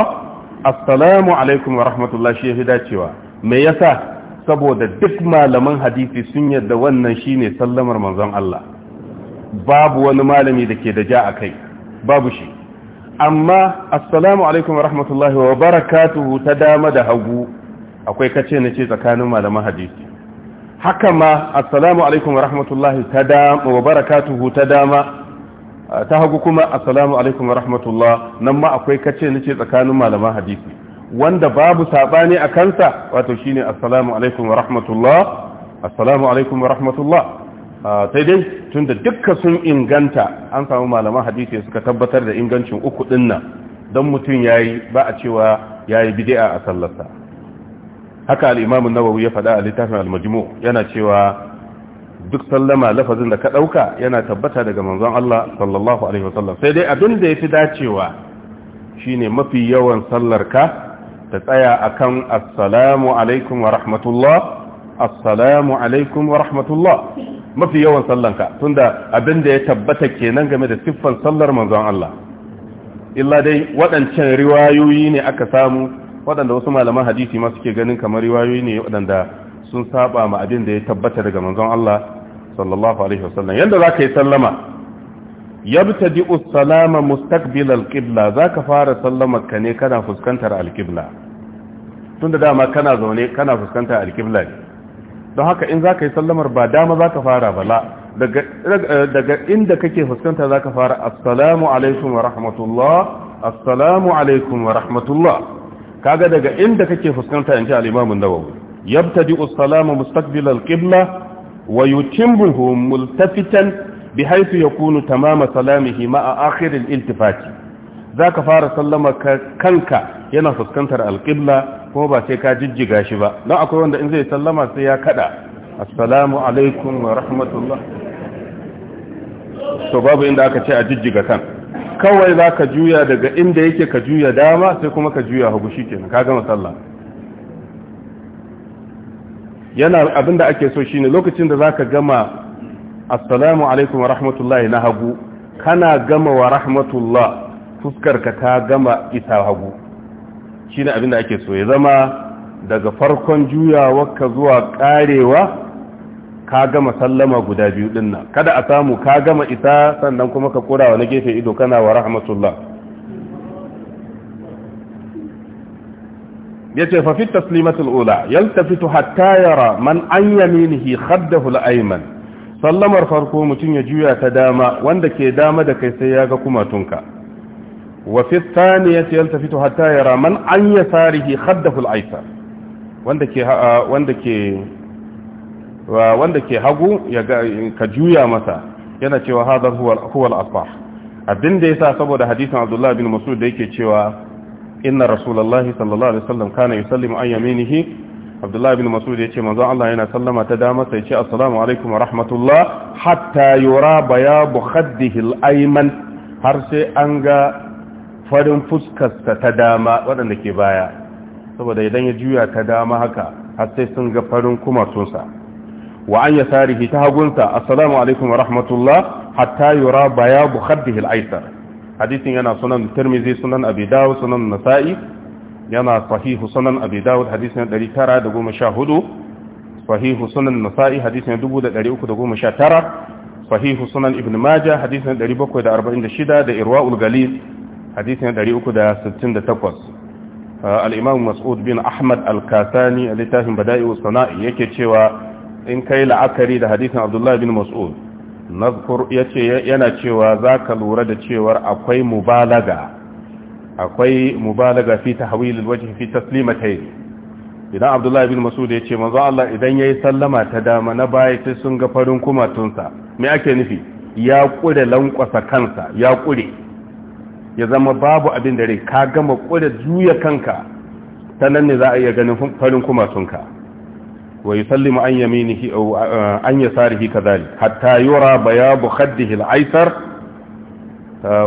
assalamu alaikum wa rahmatullah shi ya fi dacewa me yasa saboda duk malaman hadisi sun yadda wannan shi ne sallamar manzon Allah babu wani malami da ke da ja a kai babu shi amma assalamu alaikum wa rahmatullahi wa barakatuhu ta dama da hagu akwai kace na ce tsakanin malaman hadisi haka ma assalamu alaikum wa rahmatullahi ta dama wa barakatuhu ta dama ta hagu kuma assalamu alaikum wa rahmatullah nan ma akwai kace nace tsakanin malaman hadisi wanda babu sabani a kansa wato shine assalamu alaikum wa rahmatullah assalamu alaikum wa rahmatullah sai dai tunda dukkan sun inganta an samu malaman hadisi suka tabbatar da ingancin uku dinnan dan mutun yayi ba a cewa yayi bid'a a sallarsa haka al-imam an-nawawi ya faɗa a littafin al-majmu' yana cewa duk sallama lafazin da ka ɗauka yana tabbata daga manzon Allah sallallahu alaihi wasallam sai dai abin da fi dacewa shine mafi yawan sallarka ta tsaya akan assalamu alaikum wa rahmatullah assalamu alaikum wa rahmatullah mafi yawan sallanka tunda abin da ya tabbata kenan game da siffan sallar manzon Allah illa dai waɗancan riwayoyi ne aka samu waɗanda wasu malaman hadisi ma suke ganin kamar riwayoyi ne waɗanda sun saba ma abin da ya tabbata daga manzon Allah sallallahu alaihi wasallam yanda zaka yi sallama yabtadi us-salama mustaqbil al-qibla zaka fara sallamar ka ne kana fuskantar al-qibla tunda dama kana zaune kana fuskantar al-qibla don haka in zaka yi sallamar ba dama zaka fara bala daga daga inda kake fuskanta zaka fara assalamu alaikum wa rahmatullah assalamu alaikum wa rahmatullah kaga daga inda kake fuskanta in ji al-imam an-nawawi yabtadi us-salama mustaqbil al-qibla wa yutimmuhu multafitan ta yakunu tamama salamihi ma'a akhir al-iltifati zaka fara sallama kanka yana fuskantar alqibla kuma ba sai ka jijjiga shi ba don akwai wanda in zai sallama sai ya kaɗa assalamu alaikum wa rahmatullah to babu inda aka ce a jijjiga kan kawai zaka juya daga inda yake ka juya dama sai kuma ka juya hagu shikenan ka gama sallah yana abin da ake so shine lokacin da zaka gama assalamu alaikum wa rahmatullahi na hagu kana gama wa rahmatullah ka ta gama isa hagu shine da ake so ya zama daga farkon juyawarka zuwa karewa ka gama sallama guda biyu dinnan kada a samu ka gama isa sannan kuma ka kura na gefe ido kana wa rahmatullah yace fa fi taslimatul ula yaltafitu hatta yara man an yaminihi khaddahu al-ayman sallamar farko mutun ya juya ta dama wanda ke dama da kai sai yaga kumatunka wa fi thaniyati yaltafitu hatta yara man an yasarihi khaddahu al-aysar wanda ke wanda ke wanda ke hagu ka juya masa yana cewa hadar huwa al-asbah abin da yasa saboda hadisin abdullahi bin Mas'ud da yake cewa inna rasulullahi sallallahu alaihi wasallam kana yusallimu an yaminihi abdullahi bin mas'ud yace manzo Allah yana sallama ta dama sai yace assalamu alaikum wa rahmatullah hatta yura bayabu khaddihi al-ayman har sai an ga farin fuskarsa ta dama waɗanda ke baya saboda idan ya juya ta dama haka har sai sun ga farin kumatunsa wa an ya tarihi ta hagunsa assalamu alaikum wa rahmatullah hatta yura bayabu khaddihi al-aysar hadisin yana sunan tirmizi sunan abi dawud sunan nasa'i yana sahihu sunan abi dawud hadisin 914 sahihu sunan nasa'i hadisin 1319 sahihu sunan ibn majah hadisin 746 da irwaul galil hadisin 368 uh, al'imam mas'ud bin ahmad al-kasani a littafin bada'i wa sana'i yake cewa in kai la'akari da hadisin abdullahi bin mas'ud nazkur yace yana cewa zaka lura da cewar akwai mubalaga akwai mubalaga fi tahwil alwajh fi yi idan abdullah ibn mas'ud yace manzo Allah idan yayi sallama ta dama na baya sai sun ga farin kumatunsa me ake nufi ya kure lankwasa kansa ya kure ya zama babu abin da rai ka gama kure juya kanka ta nan ne za a iya ganin farin kumatunka wa yusallimu an yaminihi an yasarihi kadhalik hatta yura bayadu khaddihi al-aysar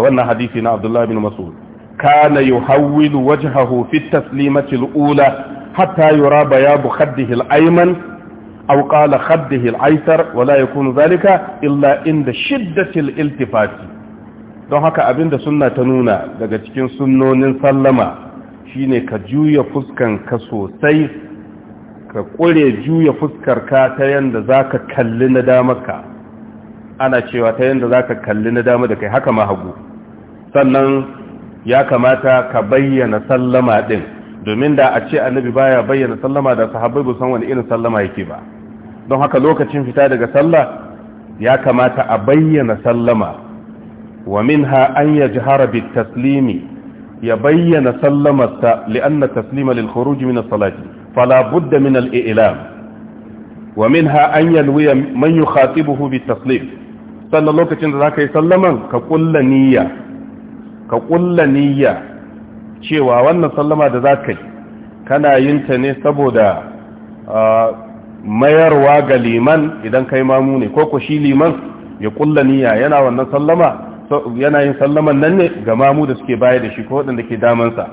wannan hadisi na Abdullah bin Mas'ud kana yuhawwilu wajhahu fi at-taslimati al-ula hatta yura bayadu khaddihi al-ayman aw qala khaddihi al-aysar wa la illa inda shiddati al-iltifati don haka abinda sunna ta nuna daga cikin sunnonin sallama shine ka juya fuskan ka sosai ka ƙure juya fuskarka ta yadda za ka kalli na damarka ana cewa ta yadda za ka kalli na dama da kai haka mahagu sannan ya kamata ka bayyana sallama ɗin domin da a ce annabi baya bayyana sallama da sahabbai ba san wani irin sallama yake ba don haka lokacin fita daga sallah ya kamata a bayyana sallama wa minha an yajhara bit taslimi ya bayyana sallamarsa na taslima lil khuruj min salati فلا بد من الإعلام ومنها أن يلوي من يخاطبه بالتسليم صلى الله عليه وسلم يسلم كقل نية كقل niyya. cewa wannan sallama da za ka kana yinta ne saboda mayarwa ga liman idan kai mamu ne ko ku shi liman ya kulla niyya yana wannan sallama sallaman nan ne ga mamu da suke baya da shi ko waɗanda ke damansa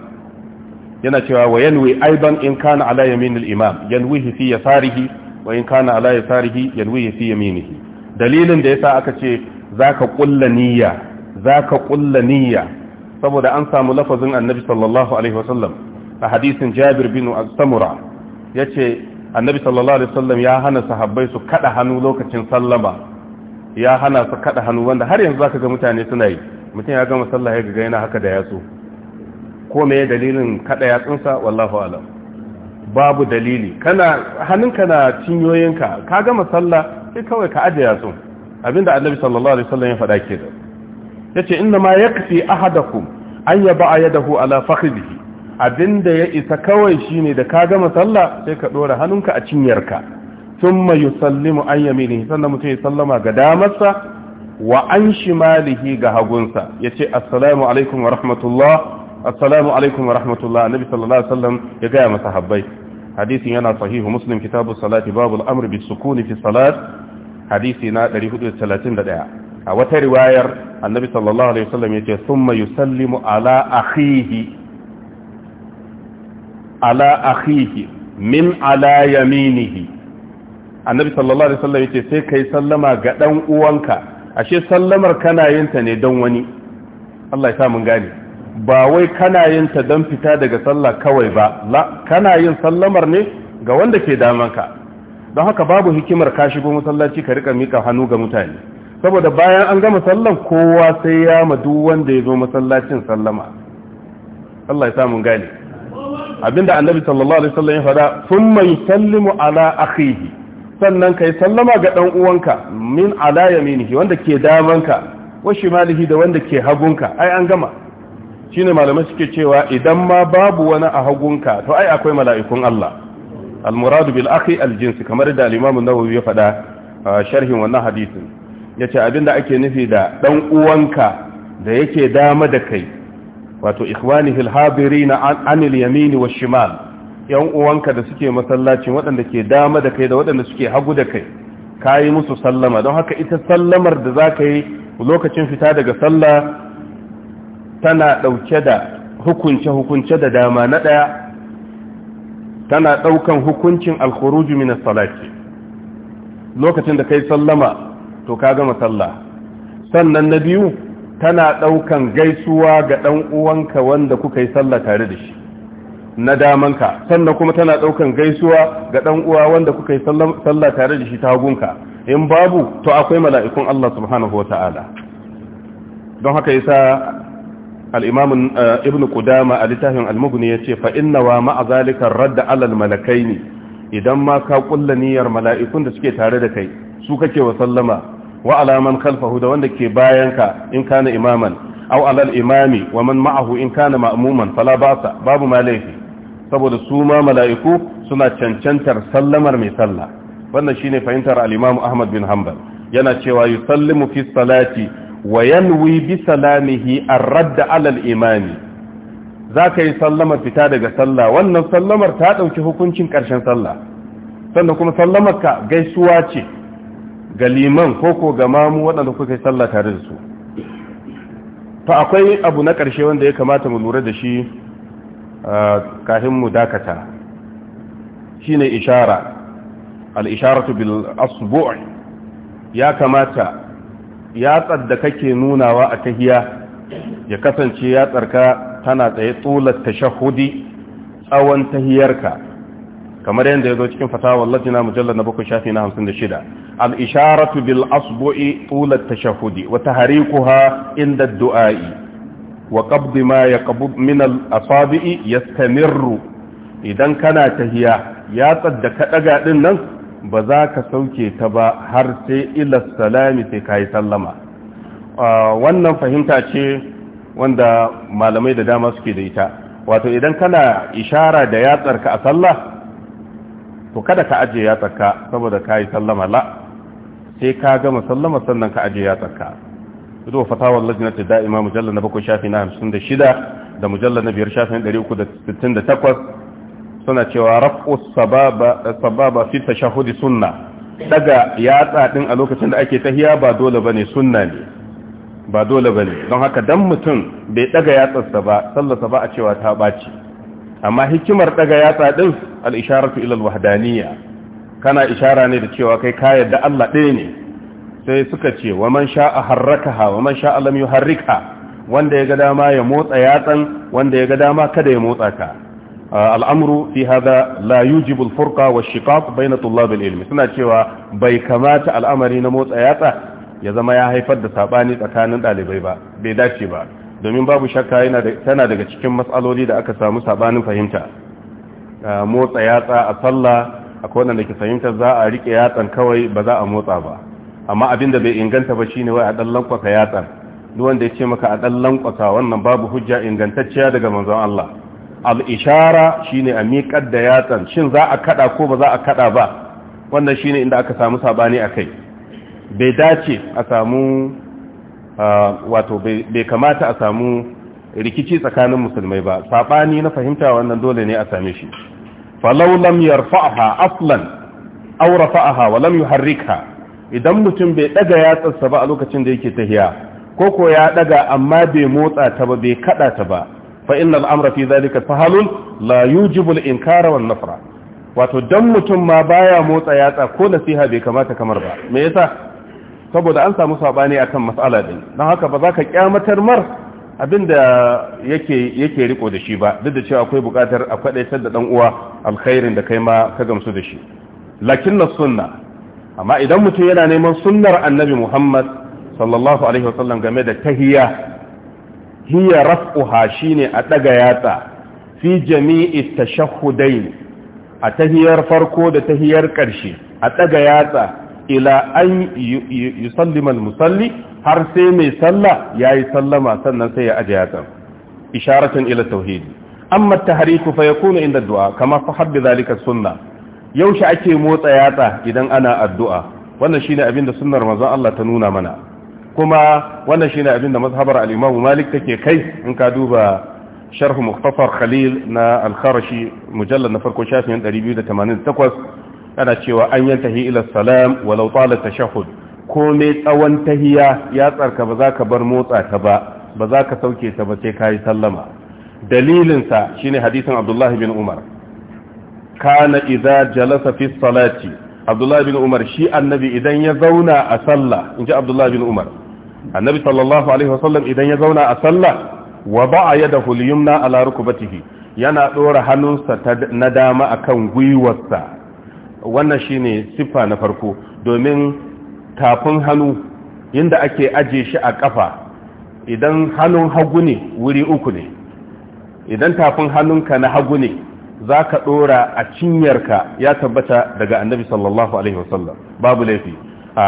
yana cewa wa yanwi aidan in kana ala yaminil imam yanwihi fi yasarihi wa in kana ala yasarihi yanwihi fi yaminihi dalilin da yasa aka ce zaka kulla niyya zaka kulla niyya saboda an samu lafazin annabi sallallahu alaihi wasallam a hadisin jabir bin samura yace annabi sallallahu alaihi wasallam ya hana sahabbai su kada hannu lokacin sallama ya hana su kada hannu wanda har yanzu zaka ga mutane suna yi mutum ya gama sallah ya ga yana haka da yatsu ko me dalilin kada yatsunsa wallahu alam babu dalili kana hannunka na cinyoyinka ka gama sallah sai kawai ka aje yatsun abinda annabi sallallahu alaihi wasallam ya faɗa ke da yace inna ma yakfi ahadakum an yaba yadahu ala fakhidhi abinda ya isa kawai shine da ka gama sallah sai ka dora hannunka a cinyarka thumma yusallimu an yaminihi sannan mutum ya sallama ga damarsa wa an shimalihi ga hagunsa yace assalamu alaikum wa rahmatullah assalamu alaikum wa rahmatullah annabi sallallahu alaihi wasallam ya gaya masa habbai hadisin yana sahihu muslim kitabu salati babul amr bis sukuni fi salat hadisi na 431 a wata riwayar annabi sallallahu alaihi wasallam yace thumma yusallimu ala akhihi ala akhihi min ala yaminihi annabi sallallahu alaihi wasallam yace sai kai sallama ga dan uwanka ashe sallamar kana yin ta ne don wani Allah ya sa mun gane ba wai kana yin ta don fita daga sallah kawai ba la kana yin sallamar ne ga wanda ke damanka don haka babu hikimar ka shigo masallaci ka rika mika hannu ga mutane saboda bayan an gama sallan kowa sai ya ma wanda ya zo masallacin sallama Allah ya samu gane abinda annabi sallallahu alaihi wasallam ya fada thumma yusallimu ala akhihi sannan kai sallama ga dan uwanka min ala yaminihi wanda ke damanka wa shimalihi da wanda ke hagunka ai an gama ne malamai suke cewa idan ma babu wani a hagunka to ai akwai mala'ikun Allah al-muradu bil akhi al-jins kamar da al imamu nawawi ya faɗa sharhin wannan hadisin yace da ake nufi da ɗan uwanka da yake dama da kai wato ikhwanihi al Anil, an al-yamin shimal yan uwanka da suke masallacin waɗanda ke dama da kai da waɗanda suke hagu da kai kayi musu sallama don haka ita sallamar da za ka yi lokacin fita daga sallah tana ɗauke da hukunce-hukunce da dama na ɗaya tana ɗaukan hukuncin alkhuruju min salati lokacin da kai sallama to ka gama sallah sannan na biyu tana ɗaukan gaisuwa ga ɗan uwanka wanda kuka yi sallah tare da shi na damanka sannan kuma tana ɗaukan gaisuwa ga ɗan uwa wanda kuka yi sallah tare da shi ta hagunka in babu to akwai mala'ikun Allah subhanahu wata'ala don haka yasa al'imamin ibnu kudama a littafin almugni ya ce fa'innawa ma'azalikar radda alal malakai ne idan ma ka kulla niyyar mala'ikun da suke tare da kai su kake wa sallama wa alaman kalfahu da wanda ke bayanka in kana imaman au alal imami wa man ma'ahu in kana ma'amuman fala basa babu ma laifi saboda su ma mala'iku suna cancantar sallamar mai sallah wannan shine fahimtar al-imamu ahmad bin hanbal yana cewa yusallimu fi salati wa yanwi bi salamihi ar-radd ala al-imami zaka yi sallamar fita daga sallah wannan sallamar ta ɗauki hukuncin karshen sallah sannan kuma sallamar ka gaisuwa ce ga liman koko ga mamu waɗanda kuka sallah tare da su to akwai abu na ƙarshe wanda ya kamata mu lura da shi kafin mu dakata shine ishara al-isharatu bil asbu' ya kamata yatsar da kake nunawa a tahiya ya kasance yatsarka tana tsaye tsulat tashahudi tsawon tahiyarka kamar yadda ya zo cikin fatawa wallahi na mujallar na bakwai shafi na hamsin da shida al'isharatu isharatu bil asbu'i tsulat tashahudi hariku ha inda du'a'i wa qabdi ma yaqbud min al-asabi'i yastamirru idan kana tahiya yatsar da ka ɗaga ɗin nan ba za ka sauke ta ba har sai ila salami sai ka yi sallama wannan fahimta ce wanda malamai da dama suke da ita wato idan kana ishara da yatsarka a sallah to kada ka ajiye yatsarka saboda ka yi sallama la sai ka gama sallama sannan ka ajiye yatsarka ido fatawar lajinata da'ima mujallar na bakwai shafi na hamsin da shida da mujallar na biyar shafi na ɗari uku da sittin da takwas suna cewa raf'u sababa fi tashahudi sunna daga yatsa din a lokacin da ake tahiya ba dole bane sunna ne ba dole bane don haka dan mutum bai daga yatsa ba sallarsa ba a cewa ta baci amma hikimar daga yatsa din al-isharatu ila al kana ishara ne da cewa kai ka yarda Allah ɗaya ne sai suka ce wa man sha'a harrakaha wa man sha'a lam yuharrikha wanda ya ga dama ya motsa yatsan wanda ya ga dama kada ya motsa ka al'amru fi hada la yujibu al-furqa wa shiqaq bayna tullab al-ilm suna cewa bai kamata al'amari na motsa yatsa ya zama ya haifar da sabani tsakanin dalibai ba bai dace ba domin babu shakka yana tana daga cikin matsaloli da aka samu sabanin fahimta motsa yatsa a sallah akwai wanda ke fahimtar za a rike yatsan kawai ba za a motsa ba amma abin da bai inganta ba shine wai a dan lankwasa yatsan duk wanda ya ce maka a dan lankwasa wannan babu hujja ingantacciya daga manzon Allah al-ishara shine a miƙar da yatsan shin za a kada ko ba za a kada ba wannan shine inda aka samu sabani akai bai dace a samu wato bai kamata a samu rikici tsakanin musulmai ba sabani na fahimta wannan dole ne a same shi falau lam yarfa'ha aslan aw rafa'aha wa lam yuharrikha idan mutum bai ɗaga yatsarsa ba a lokacin da yake tahiya ko ko ya ɗaga amma bai motsa ta ba bai kada ta ba fa innal amra fi zalika sahalun la yujibu al inkara wato dan mutum ma baya motsa yatsa ko nasiha bai kamata kamar ba me yasa saboda an samu sabani akan mas'ala din dan haka ba za ka kyamatar mar abinda yake yake riko da shi ba duk da cewa akwai bukatar a kwadaitar da dan uwa alkhairin da kai ma ka gamsu da shi lakinna sunna amma idan mutum yana neman sunnar annabi Muhammad sallallahu alaihi wasallam game da tahiyya hiya raf'uha ne a ɗaga yatsa fi jami'i tashahhudain a tahiyar farko da tahiyar ƙarshe a ɗaga yatsa ila an yusallima musalli har sai mai sallah yayi sallama sannan sai ya aje yatsa isharatan ila tauhidi amma tahriku fa yakunu inda du'a kama fa habbi zalika sunna yaushe ake motsa yatsa idan ana addu'a wannan shine abin da sunnar manzon Allah ta nuna mana kuma wannan shine abin da mazhabar al-Imam Malik take kai in ka duba sharh Mukhtasar Khalil na Al-Kharashi mujallal na farko shafin 288 ana cewa an yantahi ila salam walau tala tashahhud komai tsawon tahiya ya tsarka ba za ka bar motsa ta ba ba za ka sauke ta ba sai kayi sallama dalilin sa shine hadisin Abdullah bin Umar kana idza jalasa fi salati Abdullah bin Umar shi annabi idan ya zauna a sallah inji Abdullah bin Umar annabi sallallahu alaihi wasallam idan ya zauna a sallah wa ba'a yadahu al-yumna ala rukbatihi yana dora hannunsa na dama akan gwiwarsa wannan shine siffa na farko domin tafin hannu inda ake aje shi a kafa idan hannun hagu ne wuri uku ne idan tafin hannunka na hagu ne zaka dora a cinyarka ya tabbata daga annabi sallallahu alaihi wasallam babu laifi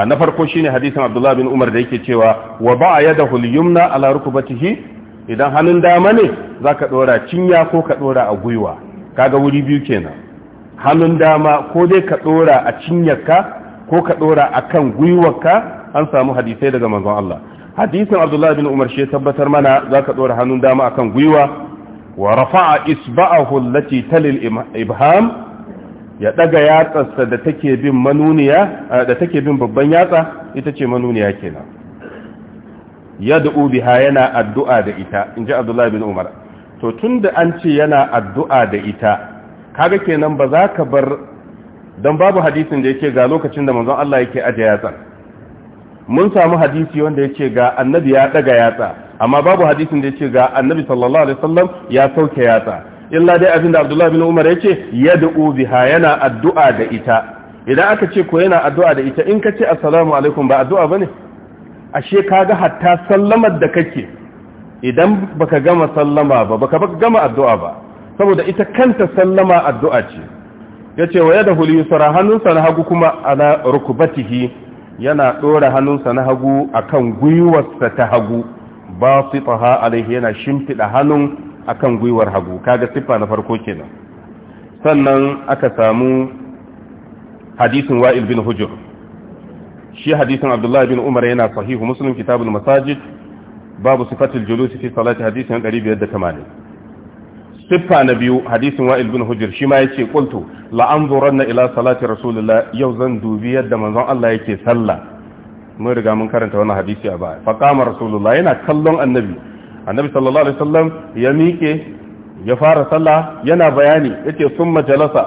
na farko shine hadisin Abdullah bin Umar da yake cewa wa ba yadahu al-yumna ala rukbatihi idan hannun dama ne zaka dora cinya ko ka dora a gwiwa kaga wuri biyu kenan hannun dama ko dai ka dora a cinyarka ko ka dora akan gwiwarka an samu hadisai daga manzon Allah hadisin Abdullah bin Umar shi tabbatar mana za ka dora hannun dama akan gwiwa wa rafa'a isba'ahu allati talil ibham ya daga yatsarsa da take bin manuniya da take bin babban yatsa ita ce manuniya kenan yad'u biha yana addu'a da ita In ji Abdullah bin Umar to tunda an ce yana addu'a da ita kaga kenan ba za ka bar dan babu hadisin da yake ga lokacin da manzon Allah yake aje yatsa mun samu hadisi wanda yake ga annabi ya daga yatsa amma babu hadisin da yake ga annabi sallallahu alaihi wasallam ya sauke yatsa illa dai abinda abdullahi bin umar yake yad'u biha yana addu'a da ita idan aka ce ko yana addu'a da ita in ka ce assalamu alaikum ba addu'a bane ashe kaga hatta sallamar da kake idan baka gama sallama ba baka baka gama addu'a ba saboda ita kanta sallama addu'a ce yace wa yadahu liyusra hannunsa na hagu kuma ala rukbatihi yana dora hannunsa na hagu akan gwiwarsa ta hagu basitaha alaihi yana shimfida hannun akan gwiwar hagu kaga siffa na farko kenan sannan aka samu hadisin wa'il bin hujur shi hadisin abdullahi bin umar yana sahihu muslim kitabul masajid babu sifatul julusi fi salati hadisin 580 siffa na biyu hadisin wa'il bin hujur shi ma yace qultu la anzuranna ila salati rasulillah yau zan dubi yadda manzon Allah yake sallah mun riga mun karanta wannan hadisi a baya fa rasulullah yana kallon annabi annabi sallallahu alaihi wasallam ya miƙe ya fara sallah yana bayani yace summa jalasa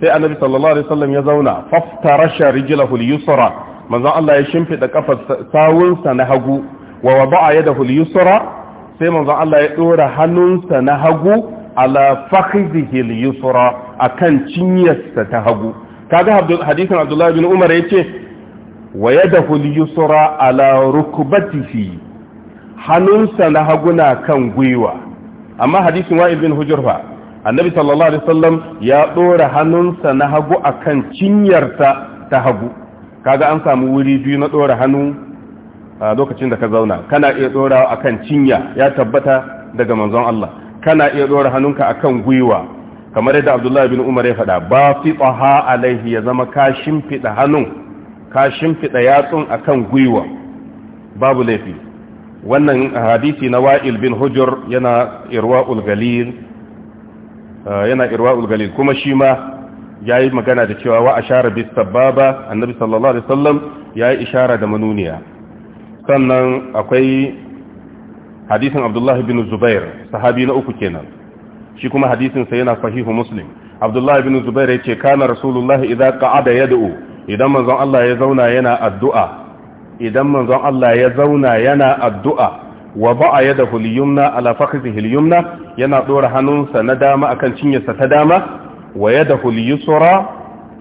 sai annabi sallallahu alaihi wasallam ya zauna faftarasha rijlahu al-yusra Allah ya shimfida kafar sawunsa na hagu wa wada'a yadahu al-yusra sai manzon Allah ya dora hannunsa na hagu ala fakhidhihi al-yusra akan cinyarsa ta hagu kaga hadisin Abdullah bin Umar yace wa yadahu al-yusra ala rukbatihi hannunsa na haguna kan gwiwa amma hadisin wa ibn hujurfa annabi sallallahu alaihi wasallam ya dora hannunsa na hagu akan cinyarta ta hagu kaga an samu wuri biyu na dora hannu a lokacin da ka zauna kana iya dora akan cinya ya tabbata daga manzon Allah kana iya dora hannunka akan gwiwa kamar yadda Abdullahi bin Umar ya faɗa ba fi tsaha alaihi ya zama ka shimfida hannun ka shimfida yatsun akan gwiwa babu laifi wannan hadisi na wa'il bin hujur yana irwa'ul galil eh, yana irwa'ul galil kuma shi ma ya yi magana da cewa wa ashara bis sababa annabi sallallahu alaihi wasallam ya yi ishara da manuniya sannan akwai hadisin abdullahi bin zubair sahabi na uku kenan shi kuma hadisinsa yana fahihu muslim abdullahi bin zubair ya ce kana rasulullahi idan ya da'u idan manzon Allah ya zauna yana addu'a idan manzon Allah ya zauna yana addu'a wa ba'a yadahu al-yumna ala fakhidhihi yana ɗora hannunsa na dama akan cinyarsa ta dama wa yadahu al-yusra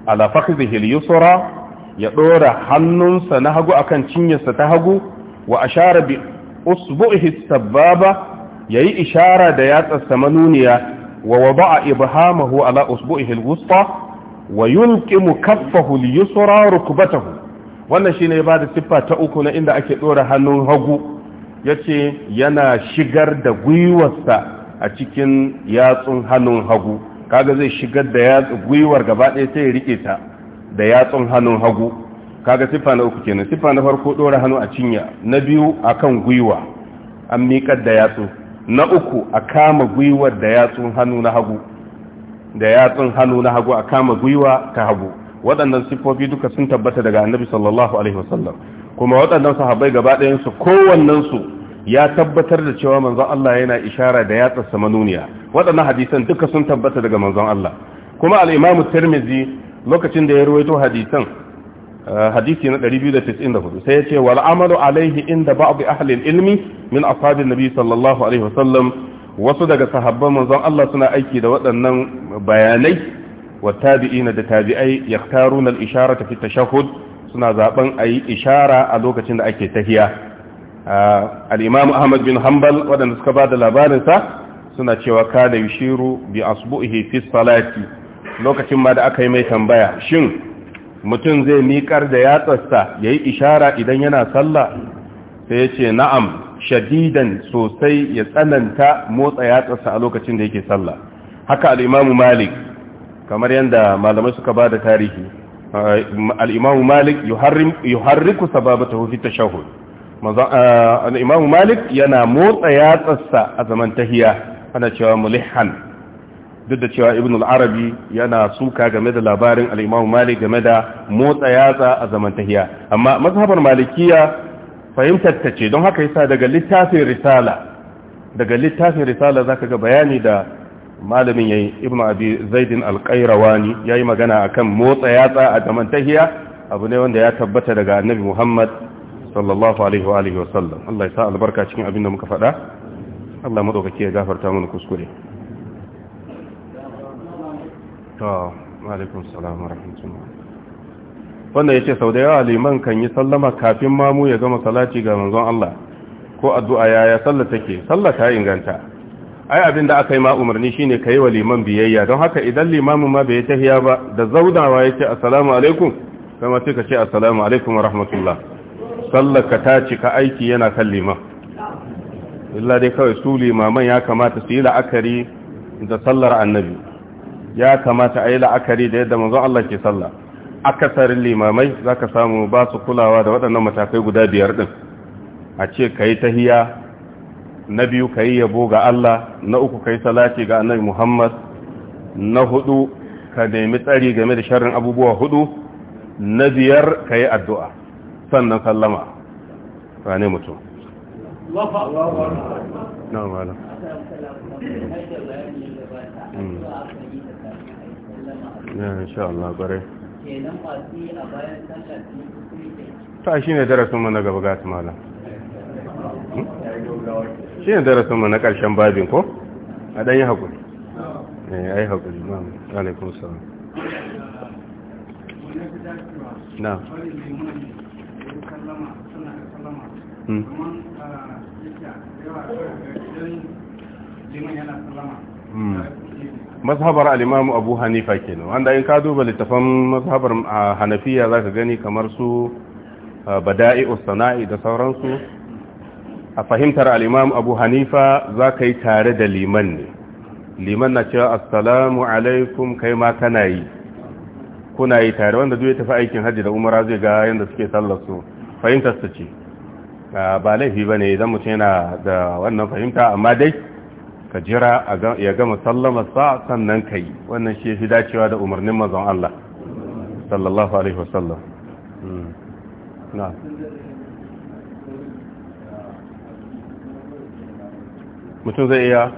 ala fakhidhihi al ya ɗora hannunsa na hagu akan cinyarsa ta hagu wa ashara bi usbu'ihi sababa yayi ishara da yatsarsa manuniya wa wada'a ibhamahu ala usbu'ihi al wa yulqimu kaffahu al-yusra rukbatahu wannan shine ya bada siffa ta uku na inda ake dora hannun hagu yace yana shigar da gwiwarsa a cikin yatsun hannun hagu kaga zai shigar da yatsu gwiwar gaba ɗaya sai ya rike ta da yatsun hannun hagu kaga siffa na uku kenan siffa na farko dora hannu a cinya na biyu akan gwiwa an miƙar da yatsu na uku a kama gwiwar da yatsun hannu na hagu da yatsun hannu na hagu a kama gwiwa ta hagu waɗannan siffofi duka sun tabbata daga annabi sallallahu alaihi wasallam kuma waɗannan sahabbai gaba ɗayansu kowannensu ya tabbatar da cewa manzon Allah yana ishara da yatsarsa manuniya waɗannan hadisan duka sun tabbata daga manzon Allah kuma al-Imam Tirmidhi lokacin da ya ruwaito hadisan uh, hadisi na 294 sai ya ce wal amalu alaihi inda ba'd ahli al-ilmi min ashabin nabi sallallahu alaihi wasallam wasu daga sahabban manzon Allah suna aiki da waɗannan bayanai wa tabi'ina da tabi'ai yaktaruna ishara isharata fi shahud suna zaben ayi ishara a lokacin da ake tahiya al-imam ahmad bin Hambal waɗanda suka bada labarin sa suna cewa kana yushiru bi asbu'ihi fi salati lokacin ma da aka yi mai tambaya shin mutum zai niƙar da yatsarsa ya yi ishara idan yana sallah sai yace, na'am shadidan sosai ya tsananta motsa yatsarsa a lokacin da yake sallah haka al'imamu malik kamar yadda malamai suka ba da tarihi al'imamu malik yuharriku sababatahu fi shahu al'imamu malik yana motsa yatsarsa a zaman tahiya ana cewa mulihan duk da cewa ibn al'arabi yana suka game da labarin al'imamu malik game da motsa yatsa a zaman tahiya amma mazhabar malikiya fahimtar ta ce don haka yasa daga littafin risala daga littafin risala zaka ga bayani da malamin yayi ibnu abi zaidin al-qayrawani yayi magana akan motsa yatsa a zaman tahiya abu ne wanda ya tabbata daga annabi Muhammad sallallahu alaihi wa alihi wasallam Allah ya sa albarka cikin abin da muka faɗa Allah madaukake ya gafarta mana kuskure to alaikum salam wa rahmatullah wanda yace sau da yawa liman kan yi sallama kafin mamu ya gama salati ga manzon Allah ko addu'a yaya sallar take sallar ta inganta ai abin da aka yi ma umarni shine ka yi wa liman biyayya don haka idan limamin ma bai yi tahiya ba da zaunawa ya ce assalamu alaikum kama sai ka ce assalamu alaikum wa rahmatullah sallar ka ta cika aiki yana kan liman illa dai kawai su limaman ya kamata su yi la'akari da sallar annabi ya kamata a yi la'akari da yadda manzon Allah ke sallah akasarin limamai za ka samu ba su kulawa da waɗannan matakai guda biyar ɗin a ce ka yi tahiya na biyu ka yi yabo ga Allah na uku ka yi salati ga annabi Muhammad na hudu ka nemi tsari game da sharrin abubuwa hudu na biyar ka yi addu'a sannan sallama rane mutum hmm. ta shi ne darasin mana gaba gata malam hmm? shi ne mu na ƙarshen babin ko a ɗanyi haƙuri eh, a yi haƙuri ma'am. alaikun sa na hmm. hmm. mazhabar alimamu abu hanifa kenan wanda in ka duba littafan mazhabar ah, hanafiya za ka gani kamar su ah, bada'i Ustana'i da sauransu a fahimtar al'imam abu hanifa za ka yi tare da liman ne liman na cewa assalamu alaikum kai ma kana yi kuna yi tare wanda duk ya tafi aikin hajji da umara zai ga yadda suke tallasu fahimtar su ce ba laifi ba ne idan mutum yana da wannan fahimta amma dai ka jira ya gama sallama sa sannan ka wannan shi fi dacewa da umarnin mazan Allah sallallahu alaihi wasallam hmm. mutum zai iya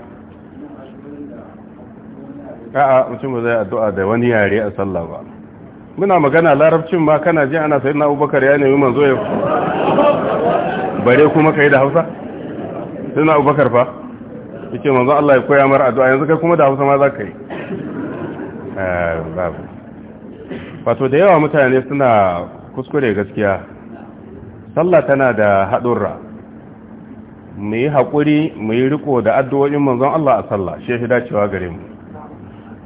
a'a mutum ba zai addu'a da wani yare a sallah ba muna magana larabcin ma kana ji ana sayi na abubakar ya nemi manzo ya bare kuma ka yi da hausa sai na abubakar fa yake manzo Allah ya koya mara addu'a yanzu kai kuma da hausa ma za ka yi eh, wato da yawa mutane suna kuskure gaskiya sallah tana da haɗurra mu yi haƙuri mu yi riko da addu'o'in manzon Allah a sallah shi shi dacewa gare mu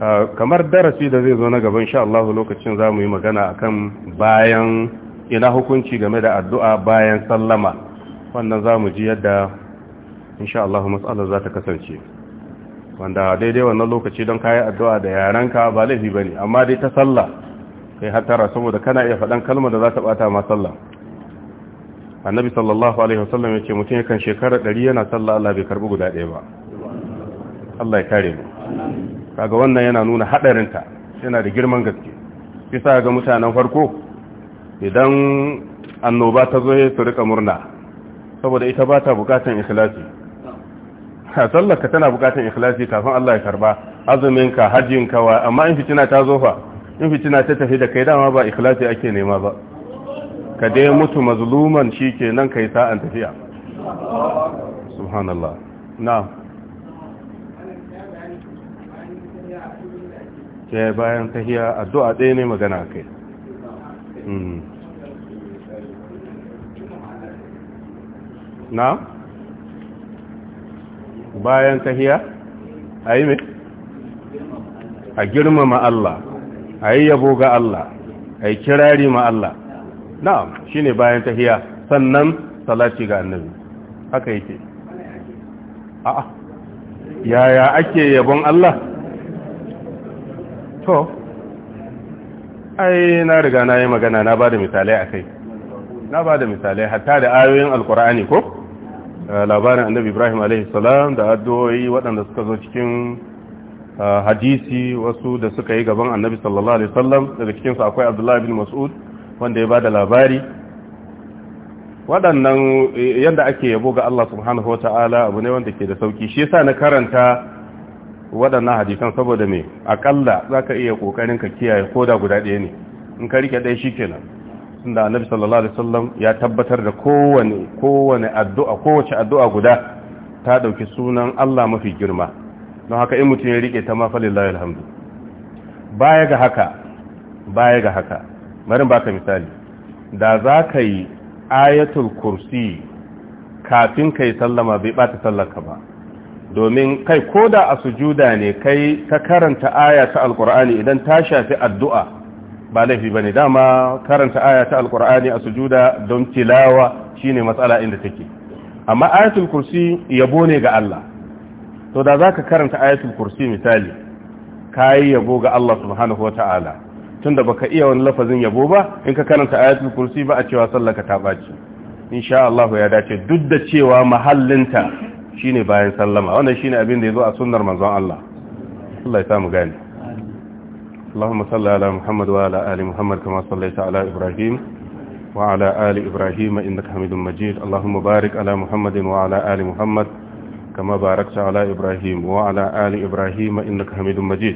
ah, kamar darasi da zai zo na gaba sha Allah lokacin za mu yi magana a kan bayan ina hukunci game da addu'a bayan sallama wannan za mu ji yadda sha Allah matsalar za ta kasance wanda daidai wannan lokaci don kayi addu'a da yaranka ba laifi ba ne amma dai ta sallah kai hatara saboda kana iya faɗan kalmar da za ta ɓata ma sallah annabi sallallahu alaihi wasallam ya ce mutum yakan shekara ɗari yana sallah Allah bai karbi guda ɗaya ba Allah ya kare mu kaga wannan yana nuna haɗarinta yana da girman gaske bisa ga mutanen farko idan annoba ta zo su rika murna saboda ita ba ta bukatan ikhlasi sallarka tana bukatan ikhlasi kafin Allah ya karba azuminka hajjinka wa amma in fitina ta zo fa in fitina ta tafi da kai dama ba ikhlasi ake nema ba ka dai mutu mazluman nan kai sa'an tafiya subhanallah na ke bayan tahiya addu'a ɗaya ne magana kai hmm. na bayan tahiya a yi mai a girmama Allah a yi yabo ga Allah a yi kirari ma Allah na'am shine bayan tahiya sannan salati ga annabi haka yake a'a yaya ake yabon Allah to ai na riga na yi magana na bada misalai akai na bada misalai hatta da ayoyin alkur'ani ko eh, labarin annabi Ibrahim alaihi salam da addu'o'i waɗanda suka zo cikin eh, hadisi wasu da suka yi gaban annabi sallallahu alaihi wasallam daga cikin su akwai Abdullah bin Mas'ud wanda ya bada labari waɗannan eh, yadda ake yabo ga Allah subhanahu wa ta'ala abu ne wanda ke da sauki shi yasa na karanta waɗannan hadisan saboda me akalla za ka iya kokarin ka kiyaye ko da guda ɗaya ne in ka rike ɗaya shi kenan annabi sallallahu alaihi wasallam ya tabbatar da kowane kowane addu'a kowace addu'a guda ta ɗauki sunan Allah mafi girma don haka in mutum ya rike ta ma falillahi alhamdu baya ga haka baya ga haka marin baka misali da za ka yi ayatul kursi kafin ka yi sallama bai bata sallaka ba domin kai ko da a sujuda ne kai ka karanta aya ta alkur'ani idan ta shafi addu'a ba laifi ba ne dama karanta aya ta alkur'ani a sujuda don tilawa shine matsala inda take amma ayatul kursi yabo ne ga Allah to da za ka karanta ayatul kursi misali ka yi yabo ga Allah subhanahu wa ta'ala tunda baka iya wani lafazin yabo ba in ka karanta ayatul kursi ba a cewa sallaka ta baci insha Allah ya dace duk da cewa mahallinta shine bayan sallama wannan shine abin da yazo a sunnar manzon Allah Allah ya samu gani اللهم صل على محمد وعلى آل محمد كما صليت على إبراهيم وعلى آل إبراهيم إنك حميد مجيد اللهم بارك على محمد وعلى آل محمد كما باركت على إبراهيم وعلى آل إبراهيم إنك حميد مجيد